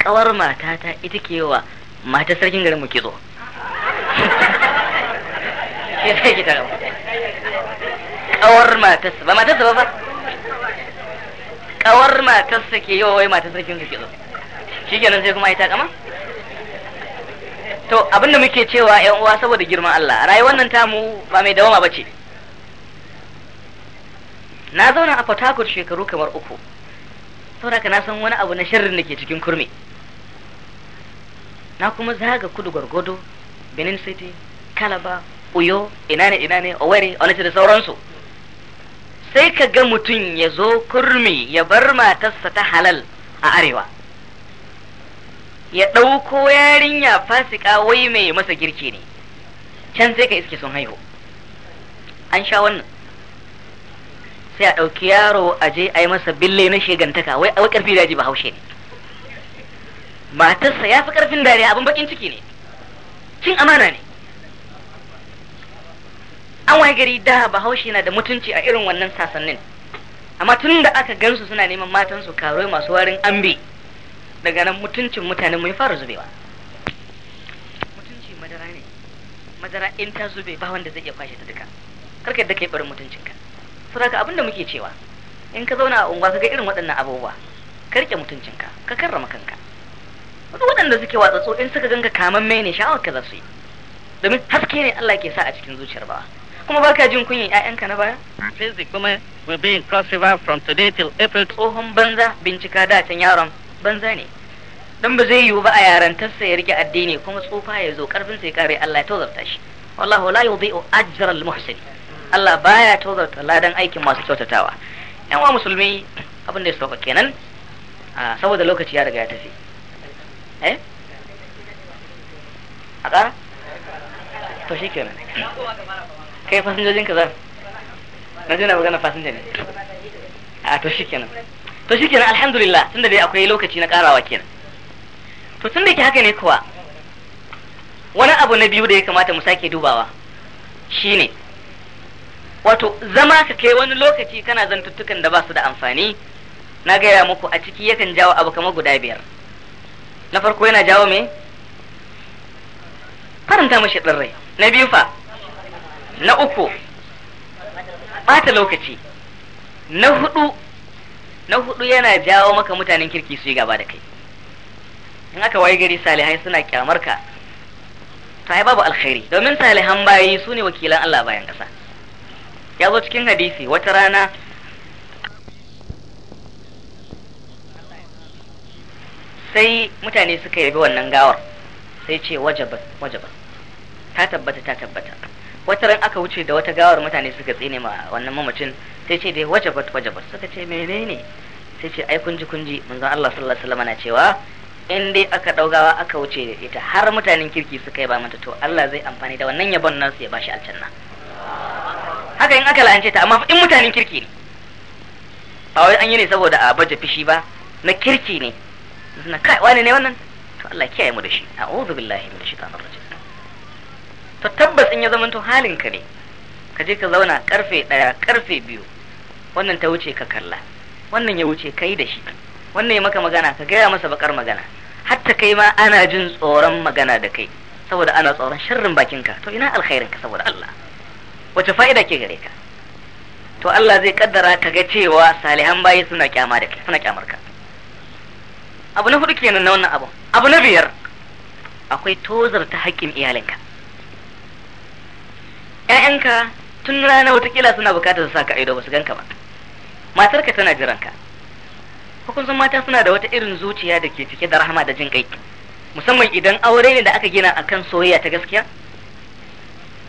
kawar matata ita ke wa mata sarkin garin mu ke zo kawar matarsa ba matarsa ba ba kawar matarsa ke yi wa wai mata sarkin ke zo shi kenan sai kuma ita kama to abinda muke cewa yan uwa saboda girman Allah rayuwar nan tamu ba mai dawama ba ce na zauna a Port shekaru kamar uku saboda ka na san wani abu na sharrin da ke cikin kurmi na kuma zaga kudu gwargwado benin city kalaba uyo ina ne ina ne da sauransu sai ka ga mutum ya zo kurmi ya bar matarsa ta halal a arewa ya ɗauko yarinya fasika wai mai masa girki ne can sai ka iske sun haihu an sha wannan sai a ɗauki yaro a je a yi masa bille na shegantaka wai a ƙarfi daji ba haushe ne matarsa ya fi karfin dariya abin bakin ciki ne cin amana ne an waye gari da bahaushe na da mutunci a irin wannan sasannin amma tun da aka gansu suna neman matansu karo masu warin ambe daga nan mutuncin mutane mai fara zubewa mutunci madara ne madara in ta zube ba wanda zai iya kwashe ta duka karka yadda kai barin mutuncinka saboda abin da muke cewa in ka zauna a unguwa ka ga irin waɗannan abubuwa ka rike mutuncinka ka karrama kanka waɗanda suke watsa su in suka ganka kaman mai ne sha'awar ka za yi domin haske ne Allah ke sa a cikin zuciyar ba kuma baka jin kunyin ƴaƴanka na baya Physics kuma will be in from today till April tsohon banza bincika da can yaron banza ne dan ba zai yiwu ba a yarantarsa ya rike addini kuma tsufa ya zo karfin sai kare Allah ya tozarta shi wallahu la yudhi'u ajra al-muhsin Allah baya tozarta ladan aikin masu kyautatawa yan wa musulmi abin da ya sauka kenan ah, saboda lokaci ya riga ya tafi eh a ƙara to shi kenan kai fasinjojin ka zan na jina magana fasinja ne a ah, to shi kenan to shi kenan alhamdulillah tunda dai akwai lokaci na ƙarawa kenan to tun da ke haka ne kuwa wani abu na biyu da ya kamata mu sake dubawa shine wato zama ka kai wani lokaci kana zantuttukan da ba su da amfani na gaya muku a ciki yakan jawo abu kamar guda biyar na farko yana jawo me faranta mashi ɗin rai na biyu fa na uku ɓata lokaci na hudu na hudu yana jawo maka mutanen kirki su yi gaba da kai in aka wayi gari salihai suna kyamar ka to yi babu alkhairi domin salihan bayi su ne wakilan Allah bayan ƙasa ya zo cikin hadisi wata rana sai mutane suka yabi wannan gawar sai ce wajabat wajabat ta tabbata ta tabbata wata ran aka wuce da wata gawar mutane suka tsine ma wannan mamacin sai ce dai wajabat wajabat suka ce menene sai ce ai kunji kunji manzo Allah sallallahu alaihi wasallam na cewa in dai aka daugawa aka wuce da ita har mutanen kirki suka yaba mata to Allah zai amfani da wannan yabon nasu ya bashi aljanna haka in aka la'ance ta amma in mutanen kirki ne ba wai an yi ne saboda a baje fishi ba na kirki ne na kai wani ne wannan to Allah kiyaye mu da shi a'udhu billahi min shaitanir rajim to tabbas in ya zamanto halin ka ne ka je ka zauna karfe daya karfe biyu wannan ta wuce ka kalla wannan ya wuce kai da shi wannan ya maka magana ka gaya masa bakar magana hatta kai ma ana jin tsoron magana da kai saboda ana tsoron sharrin bakinka to ina alkhairin ka saboda Allah wace fa'ida ke gare ka to Allah zai kaddara ka ga cewa salihan bayi suna kyama da kai suna kyamar ka abu na hudu kenan na wannan abu abu na biyar akwai tozar ta haƙƙin iyalinka ƴaƴanka tun rana watakila suna bukatar su saka ido ba ganka ba matarka tana jiranka hukuncin mata suna da wata irin zuciya da ke cike da rahama da jin kai musamman idan aure ne da aka gina akan soyayya ta gaskiya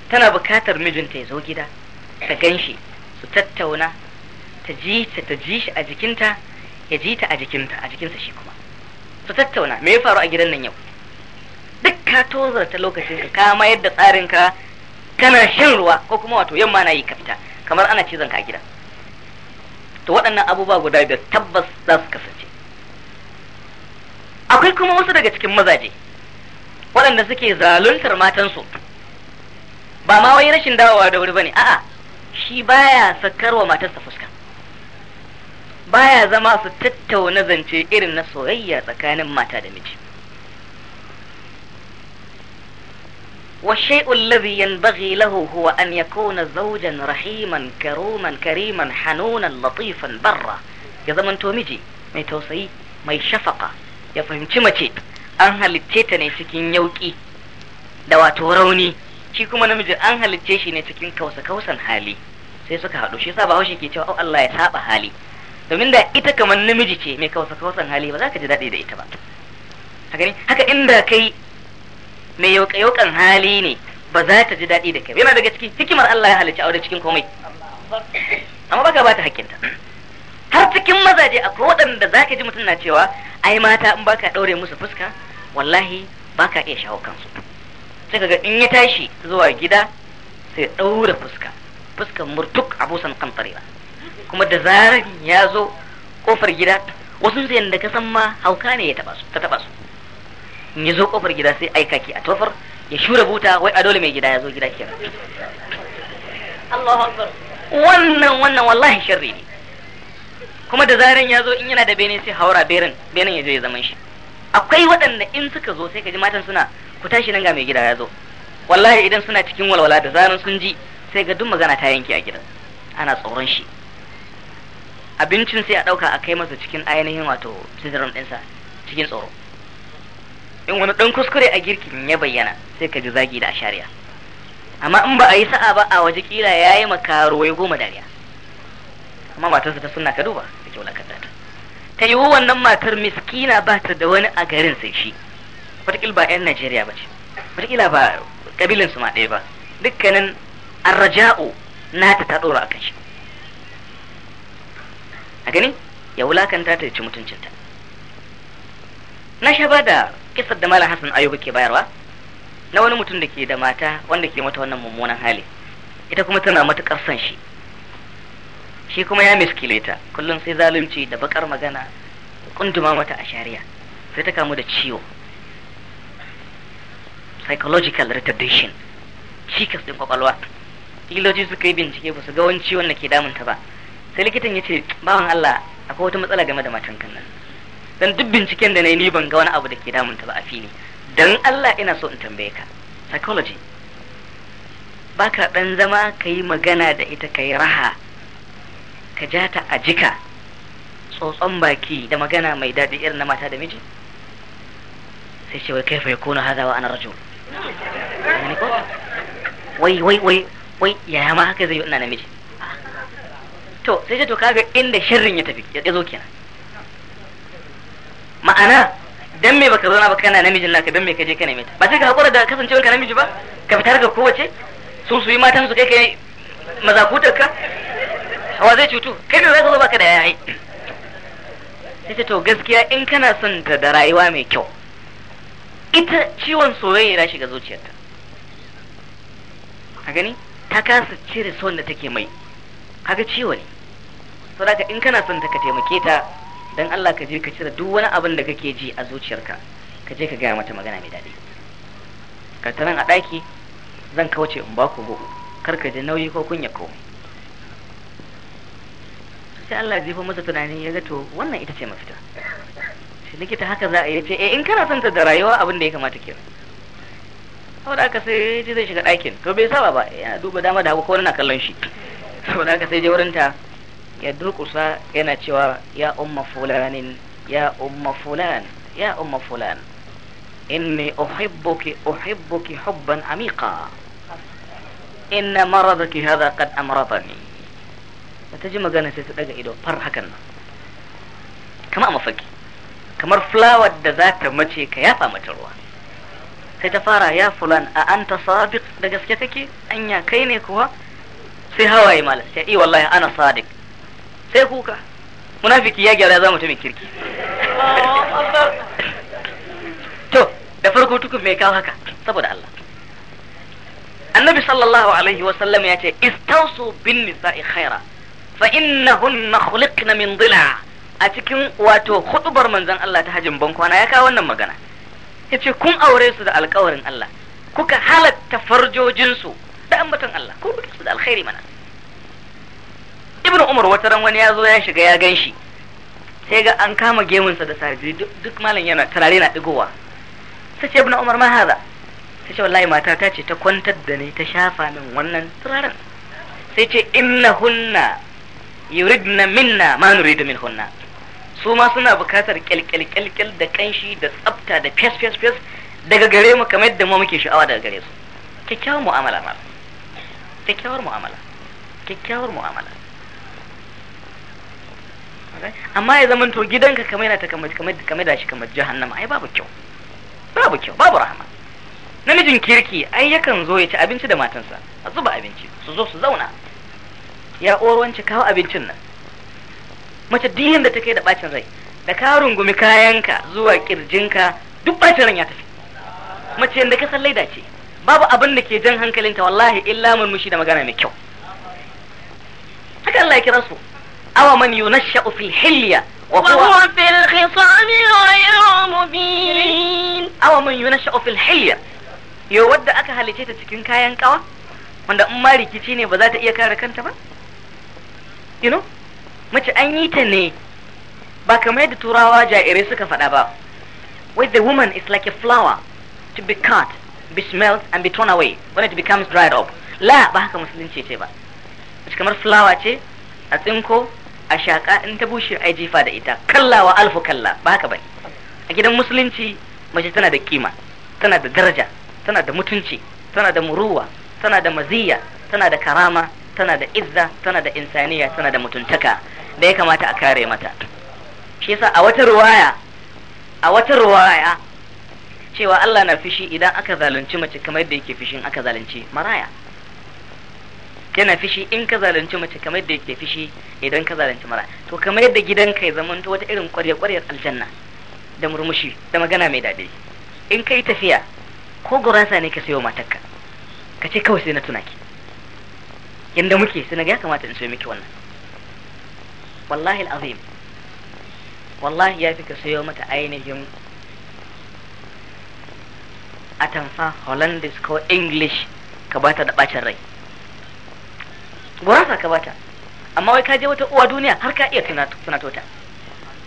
tana bukatar mijinta ya zo gida ta gan su tattauna ta ji ta ji shi a jikinta ya ji ta a jikinta a jikinsa shi kuma su tattauna me ya faru a gidan nan yau duk ka tozarta lokacin ka ka mayar da tsarin ka kana shan ruwa ko kuma wato yamma na yi ka fita kamar ana cizon ka a gida to waɗannan abubuwa guda biyar tabbas za su kasance akwai kuma wasu daga cikin mazaje waɗanda suke zaluntar matansu ba ma wai rashin dawowa da wuri bane a'a shi baya sakarwa matarsa fuska baya zama su tattauna zance irin na soyayya tsakanin mata da miji wa shay'un ladhi yanbaghi lahu huwa an yakuna zawjan rahiman karuman kariman hanunan latifan barra ya zaman to miji mai tausayi mai shafaka ya fahimci mace an halicce ta ne cikin yauki da wato rauni shi kuma namiji an halicce shi ne cikin kausa kausan hali sai suka haɗu shi sa ba hushe ke cewa oh, Allah ya saɓa hali domin da ita kamar namiji ce mai kawasa kawasan hali ba za ka ji daɗi da ita ba haka ne haka inda kai mai yauƙa hali ne ba za ta ji daɗi da kai yana daga cikin hikimar Allah ya halicci aure cikin komai amma baka ba ta hakkinta har cikin mazaje akwai waɗanda za ka ji mutum na cewa ai mata in baka ɗaure musu fuska wallahi baka iya shawo kansu sai kaga in ya tashi zuwa gida sai ɗaura fuska fuskan murtuk abusan kan tsarewa kuma da zarar ya zo kofar gida wasu su yadda ka san ma hauka ne ya taba su ta taba su in ya zo kofar gida sai aika ke a tofar ya shura buta wai a dole mai gida ya zo gida ke Allahu akbar wannan wannan wallahi sharri ne kuma da zarar ya zo in yana da bene sai haura berin benin ya je ya zaman shi akwai waɗanda in suka zo sai ka ji matan suna ku tashi nan ga mai gida ya zo wallahi idan suna cikin walwala da zaran sun ji sai ga duk magana ta yanke a gidan ana tsoron shi abincin sai a ɗauka a kai masa cikin ainihin wato sidirin ɗinsa cikin tsoro in wani ɗan kuskure a girkin ya bayyana sai ka ji zagi da ashariya amma in ba a yi sa'a ba a waje kila ya yi makaro ya goma dariya amma matarsa ta suna ka duba da kyau lakar ta ta yiwu wannan matar miskina ba ta da wani a garin sai shi wataƙila ba 'yan najeriya ba ce wataƙila ba ƙabilinsu ma ɗaya ba dukkanin arraja'u nata ta ɗora a kan shi a gani ya wulakanta ta ci mutuncinta na sha ba da kisar da malam hassan ayuba ke bayarwa na wani mutum da ke da mata wanda ke mata wannan mummunan hali ita kuma tana matuƙar son shi shi kuma ya miskile ta kullum sai zalunci da bakar magana kunduma mata a shari'a sai ta kamu da ciwo psychological retardation cikas din kwakwalwa iloji suka yi bincike ba su ga wani ciwon da ke damunta ba sai likitan ya ce bawan Allah akwai wata matsala game da matan kan nan dan duk binciken da na yi ni ban ga wani abu da ke damun ta ba a fili dan Allah ina so in tambaye ka psychology baka dan zama ka yi magana da ita ka yi raha ka ja ta a jika tsotson baki da magana mai daɗi irin na mata da miji sai ce wai kaifa kona hadha wa ana rajo wai wai wai wai yaya ma haka zai yi ina namiji to sai ce to kaga inda sharrin ya tafi ya zo kenan ma'ana dan me baka zauna ba kana namijin naka dan me ka je ka neme ta ba sai ka hakura da kasancewar ka namiji ba ka fitar ga kowace sun suyi matan su kai kai mazakutar ka hawa zai cutu kai da zaka zo baka da yayi sai ta to gaskiya in kana son ta da rayuwa mai kyau ita ciwon soyayya ya shiga zuciyarta a gani ta kasa cire son da take mai kaga ciwo ne saboda in kana son ta ka taimake ta dan Allah ka je ka cire duk wani abin da kake ji a zuciyarka ka je ka gaya mata magana mai daɗi ka taran a ɗaki zan kauce in ba ku gogo kar ka ji nauyi ko kunya komai sai Allah ya jefa masa tunani ya ga to wannan ita ce mafita shi likita haka za a yi ce eh in kana son ta da rayuwa abin da ya kamata kenan saboda aka sai ya ji zai shiga ɗakin to bai saba ba yana duba dama da hagu ko na kallon shi saboda haka sai je wurinta ya durkusa yana cewa ya umma fulanin ya umma fulan ya umma fulan inni uhibbuki uhibbuki hubban amiqa inna maradaki hadha qad amradani ta ji magana sai ta daga ido far hakan nan kama a mafaki kamar fulawar da za ta mace ka yafa mata ruwa sai ta fara ya fulan a anta sadiq da gaske take anya kai ne kuwa sai hawaye malam sai i eh wallahi ana sadiq sai kuka munafiki ya gyara za mutumin kirki to da farko tukun mai kawo haka saboda Allah annabi sallallahu alaihi wa sallam ya ce istausu bin nisa'i khaira fa na innahunna khuliqna min dhila a cikin wato hudubar manzan Allah ta hajin bankwana ya kawo wannan magana ce kun aure su da alƙawarin Allah kuka halatta farjojinsu da ambaton Allah ko duk su da alkhairi mana ibnu umar wata ran wani ya zo ya shiga ya ganshi. sai ga an kama gemunsa da sarbi duk malam yana tarare na digowa sai ce ibnu umar ma haza sai wallahi mata ta ce ta kwantar da ni ta shafa min wannan turaren sai ce innahunna yuridna minna ma nuridu minhunna su ma suna bukatar kyalkyalkyalkyal da kanshi da tsafta da fes fes fes daga gare mu kamar yadda mu muke sha'awa daga gare su kyakkyawan mu'amala mara. kyakkyawar mu'amala kyakkyawar mu'amala amma ya zama to gidanka kamar yana ta kamar da shi kamar jahannama ai babu kyau babu kyau babu rahama namijin kirki ai yakan zo ya ci abinci da matansa a zuba abinci su zo su zauna ya orwanci kawo abincin nan mace dihin da ta kai da bacin rai da ka rungumi kayanka zuwa kirjinka duk bacin ran ya tafi mace yadda ka sallai laida ce babu abin da ke jan hankalinta wallahi illa murmushi da magana mai kyau haka Allah ya kira su awa man yunashsha fil hilya wa huwa fil khisam ghayru mubin awa man yunashsha fil hilya yo wadda aka halice ta cikin kayan kawa wanda in ma rikici ne ba za ta iya kare kanta ba you know mace an yi ta ne ba kamar yadda turawa jairai suka faɗa ba With the woman is like a flower to be cut be smelt and be thrown away when it becomes dried up la ba haka musulunci ce ba kamar fulawa ce a tsinko a shaka in ta bushe ai jifa da ita kallawa alfu kalla ba haka bane a gidan musulunci mace tana da kima tana da daraja tana da mutunci tana da muruwa tana da maziya tana da karama tana da izza tana da insaniya tana da mutuntaka da ya kamata a kare mata shi yasa a wata ruwaya a wata ruwaya cewa Allah na fishi idan aka zalunci mace kamar da yake fishin aka zalunci maraya yana fishi in ka zalunci mace kamar da yake fishi idan ka zalunci maraya to kamar yadda gidanka ya zamanto wata irin kwarya kwaryar aljanna da murmushi da magana mai daɗi in ka yi tafiya ko gurasa ne ka sayo matarka ka ce kawai sai na tuna ki yanda muke sai na ga ya kamata in sayo miki wannan wallahi al'azim wallahi ya fi ka sayo mata ainihin atamfa hollandis ko english ka bata da bacin rai gurasa ka bata amma wai ka je wata uwa duniya har ka iya tunato ta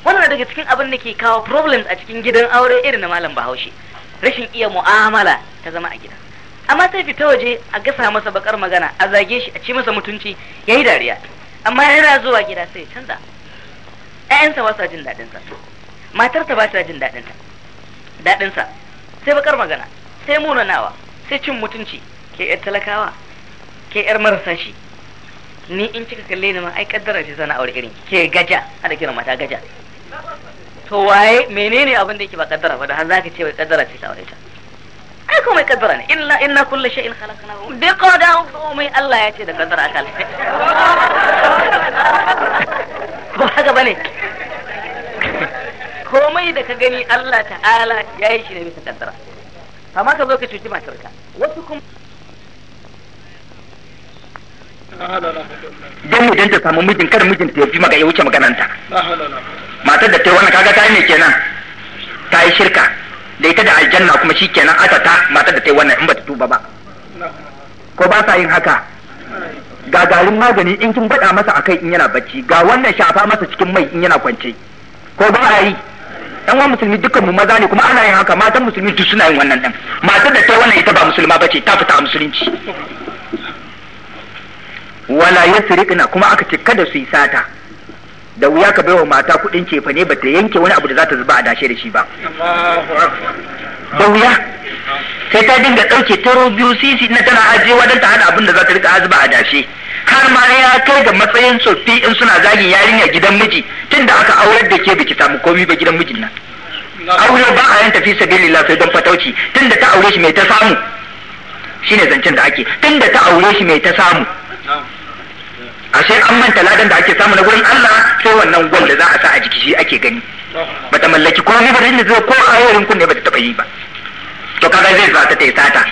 wannan daga cikin abin da ke kawo problems a cikin gidan aure irin na malam bahaushe rashin iya mu'amala ta zama a gida amma sai fita waje a gasa masa bakar magana a zage shi a ci masa mutunci ya yi dariya amma yana zuwa gida sai canza ƴaƴansa ba sa jin daɗinsa ta ba ta jin daɗinta daɗinsa sai bakar magana sai munanawa sai cin mutunci ke yar talakawa ke yar marasa shi ni in kika kalle ni ma ai kaddara ce zana aure irin ke gaja ana kira mata gaja to waye menene abin da yake ba kaddara ba da har zaka ce wai kaddara ce ta aure ta ai ko mai kaddara ne illa inna kullu shay'in khalaqnahu bi qadarin mai Allah ya ce da kaddara akal ba haka bane komai da ka gani Allah ta'ala ya yi shi ne bisa kaddara amma ka zo ka cuci ka wasu kuma don mu ta samu mijin kada mijin ta yafi maka ya wuce magananta matar da ta yi wannan kaga ta yi ne kenan ta yi shirka da ita da aljanna kuma shi kenan aka ta matar da ta yi wannan in ba ta tuba ba ko ba sa yin haka ga garin magani in kin bada masa akai in yana bacci ga wannan shafa masa cikin mai in yana kwance ko ba a yi yan uwan musulmi dukkan mu maza ne kuma ana yin haka matan musulmi duk suna yin wannan din matar da ta wannan ita ba musulma bace ta fita a musulunci wala yasriqna kuma aka ce kada su yi sata da wuya ka baiwa mata kuɗin cefane ne ba ta yanke wani abu da za ta zuba a dashe da shi ba da wuya sai ta dinga ɗauke taro biyu sisi na tana ajiyewa don ta hana abin da za ta rika azuba a dashe har ma ya kai ga matsayin tsoffi in suna zagin yarinya gidan miji tun da aka aurar da ke biki samu komi ba gidan mijin nan aure ba a yin tafi sabilillah sai don fatauci da ta aure shi mai ta samu ne zancen da ake da ta aure shi mai ta samu ashe an manta ladan da ake samu na gurin Allah sai wannan gwal da za a sa a jiki shi ake gani bata mallaki komai ba da zai ko ayoyin kunne ba bata taba yi ba to kaga zai za ta taita ta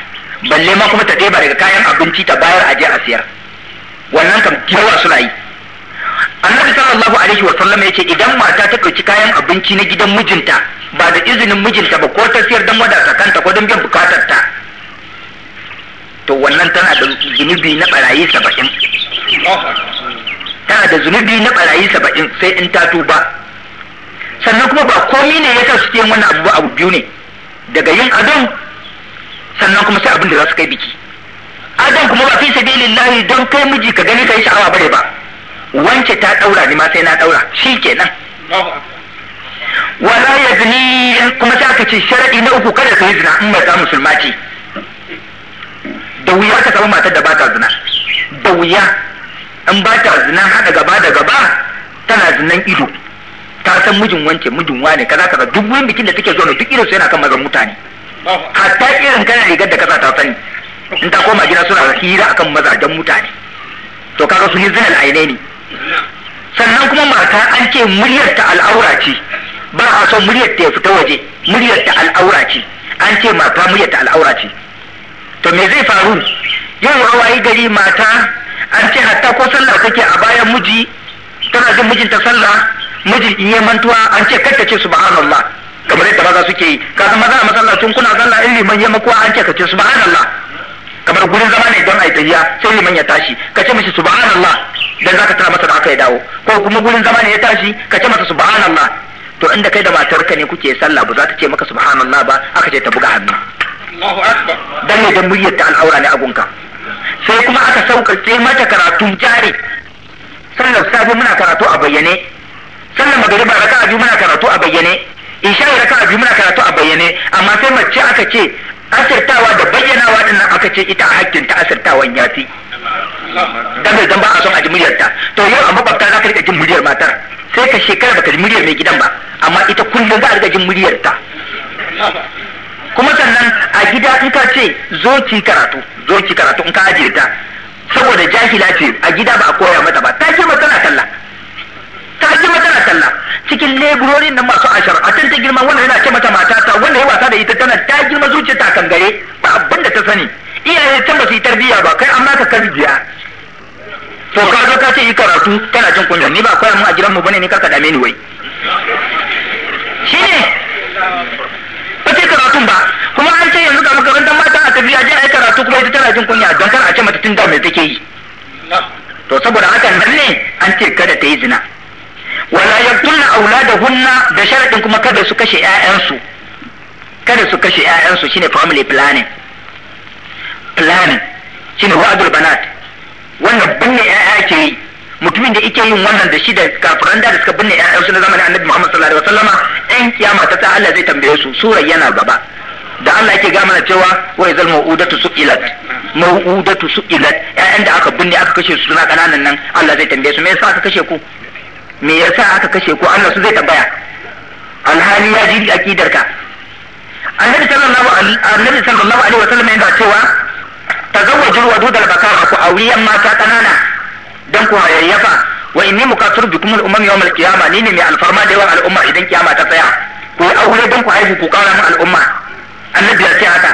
balle ma kuma ta ɗeba daga kayan abinci ta bayar aje a siyar wannan kam yawa suna yi annabi sallallahu alaihi wa sallam yace idan mata ta ɗauki kayan abinci na gidan mijinta ba da izinin mijinta ba ko ta siyar dan wadata kanta ko don biyan bukatar ta to wannan tana da zunubi na barayi saba'in tana da zunubi na barayi saba'in sai in ta tuba sannan kuma ba komi ne ya su cikin wannan abu abu biyu ne daga yin adon sannan kuma sai abin da za su kai biki adon kuma ba fi lillahi don kai miji ka gani ka yi sha'awa bare ba wance ta daura ni ma sai na daura shikenan wala zini kuma sai aka ce sharaɗi na uku kada ka yi zina in ba ta musulma ce da wuya ka samu matar da ba ta zina da wuya in ba ta zina haɗa gaba da gaba tana zinan ido ta san mijin wanke mijin wane kaza kaza duk wani bikin da take zuwa duk irin su yana kan mazan mutane hatta irin kana rigar da kasa ta sani in ta koma gida suna hira akan mazajen mutane to kaga su hizin al'ainai ne sannan kuma mata an ce muryar ta al'aura ce ba a son muryar ta fita waje muryar ta al'aura ce an ce mata muryar ta al'aura ce to me zai faru yau rawayi gari mata an ce hatta ko sallah take a bayan miji tana jin mijinta sallah miji in ya mantuwa an ce kar ka ce subhanallah kamar yadda maza suke yi ka san maza a masallacin kuna sallah in liman ya makuwa an ce ka ce subhanallah kamar gurin zama ne don ai sai liman ya tashi ka ce mishi subhanallah dan zaka tara masa da aka ya dawo ko kuma gurin zama ne ya tashi ka ce masa subhanallah to inda kai da matarka ne kuke sallah ba za ta ce maka subhanallah ba aka ce ta buga hannu Allahu akbar dan ne dan muryar ta al'aura ne a gunka sai kuma aka sauƙaƙe mata karatun jari sallar safe muna karatu a bayyane sallar magariba raka'a biyu muna karatu a bayyane isha raka'a biyu muna karatu a bayyane amma sai mace aka ce asirtawa da bayyanawa din nan aka ce ita a hakkin ta asirtawan yafi dan dan ba a son a ji muryarta to yau a makwabta za ka rika jin muryar matar sai ka shekara baka ji muryar mai gidan ba amma ita kullum za a rika jin ta kuma sannan a gida in ka ce zo ki karatu zo ki karatu in ka ajiye ta saboda jahila ce a gida ba a koya mata ba ta ce tana talla ta girma tana talla cikin leburorin nan masu ashar a can ta girma wannan yana ce mata matata wanda ya wasa da ita tana ta girma zuciya ta kangare ba abin da ta sani iyaye can ba su yi tarbiyya ba kai amma ka biya. to ka zo ka ce yi karatu tana jin kunya ni ba koyan mu a gidanmu bane ne karka dame ni wai shine ba ce karatun ba kuma an ce yanzu ga makarantar mata a tafiya je a yi karatu kuma ita tana jin kunya don kar a ce mata tun da mai take yi to saboda haka nan ne an ce kada ta yi zina wala yaqtulna auladahunna da sharadin kuma kada su kashe ƴaƴansu kada su kashe ƴaƴansu shine family planning planning shine wa'dul banat wannan binne ƴaƴa ke yi mutumin da yake yin wannan da shi da kafiran da suka binne ƴaƴansu na zamanin Annabi Muhammad sallallahu alaihi wasallama ɗan kiyama ta ta Allah zai tambaye su surar yana gaba da Allah yake gama mana cewa wa izal mau'udatu su'ilat mau'udatu su'ilat ƴaƴan da aka binne aka kashe su suna kananan nan Allah zai tambaye su me yasa aka kashe ku me yasa aka kashe ko Allah su zai tabbaya alhali ya ji akidar ka annabi sallallahu alaihi sallallahu alaihi wasallam yana cewa tazawwaju wadud al-bakar ku auriyan mata kanana dan ku hayayyafa wa inni muqatir bikum al-umam yawm al-qiyamah ni ne mai alfarma da yawan al-umma idan kiyama ta tsaya ku aure dan ku haihu ku kara mu al-umma annabi ya ce haka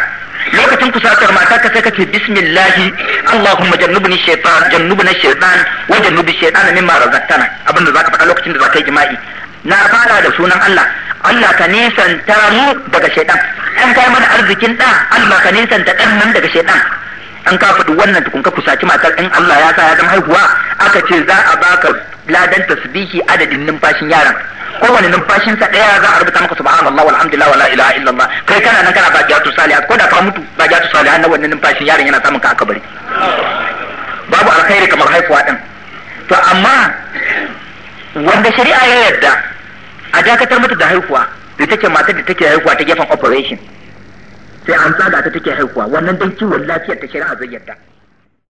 lokacin kusatar mata ka sai kace bismillahi allahumma jannubni shaytan jannubna shaytan wa jannubi shaytan mimma razaqtana abinda zaka faɗa lokacin da zaka yi jima'i na fara da sunan Allah Allah ka nisanta mu daga shaytan an kai mana arzikin da Allah ka nisanta dan nan daga shaytan an kafa duk wannan tukun ka fusaci matar in Allah ya sa ya zama haihuwa aka ce za a baka ladan tasbihi adadin numfashin yaron kowane numfashin sa daya za a rubuta maka subhanallah walhamdulillah wala ilaha illallah kai kana nan kana baqiyatu salihat ko da ka mutu baqiyatu salihat na wannan numfashin yaron yana samun ka akabari babu alkhairi kamar haihuwa din to amma wanda shari'a ya yarda a dakatar mata da haihuwa ita ce matar da take haihuwa ta gefen operation sai an tsaga ta take haihuwa wannan dan kiwon lafiyar ta shari'a zai yadda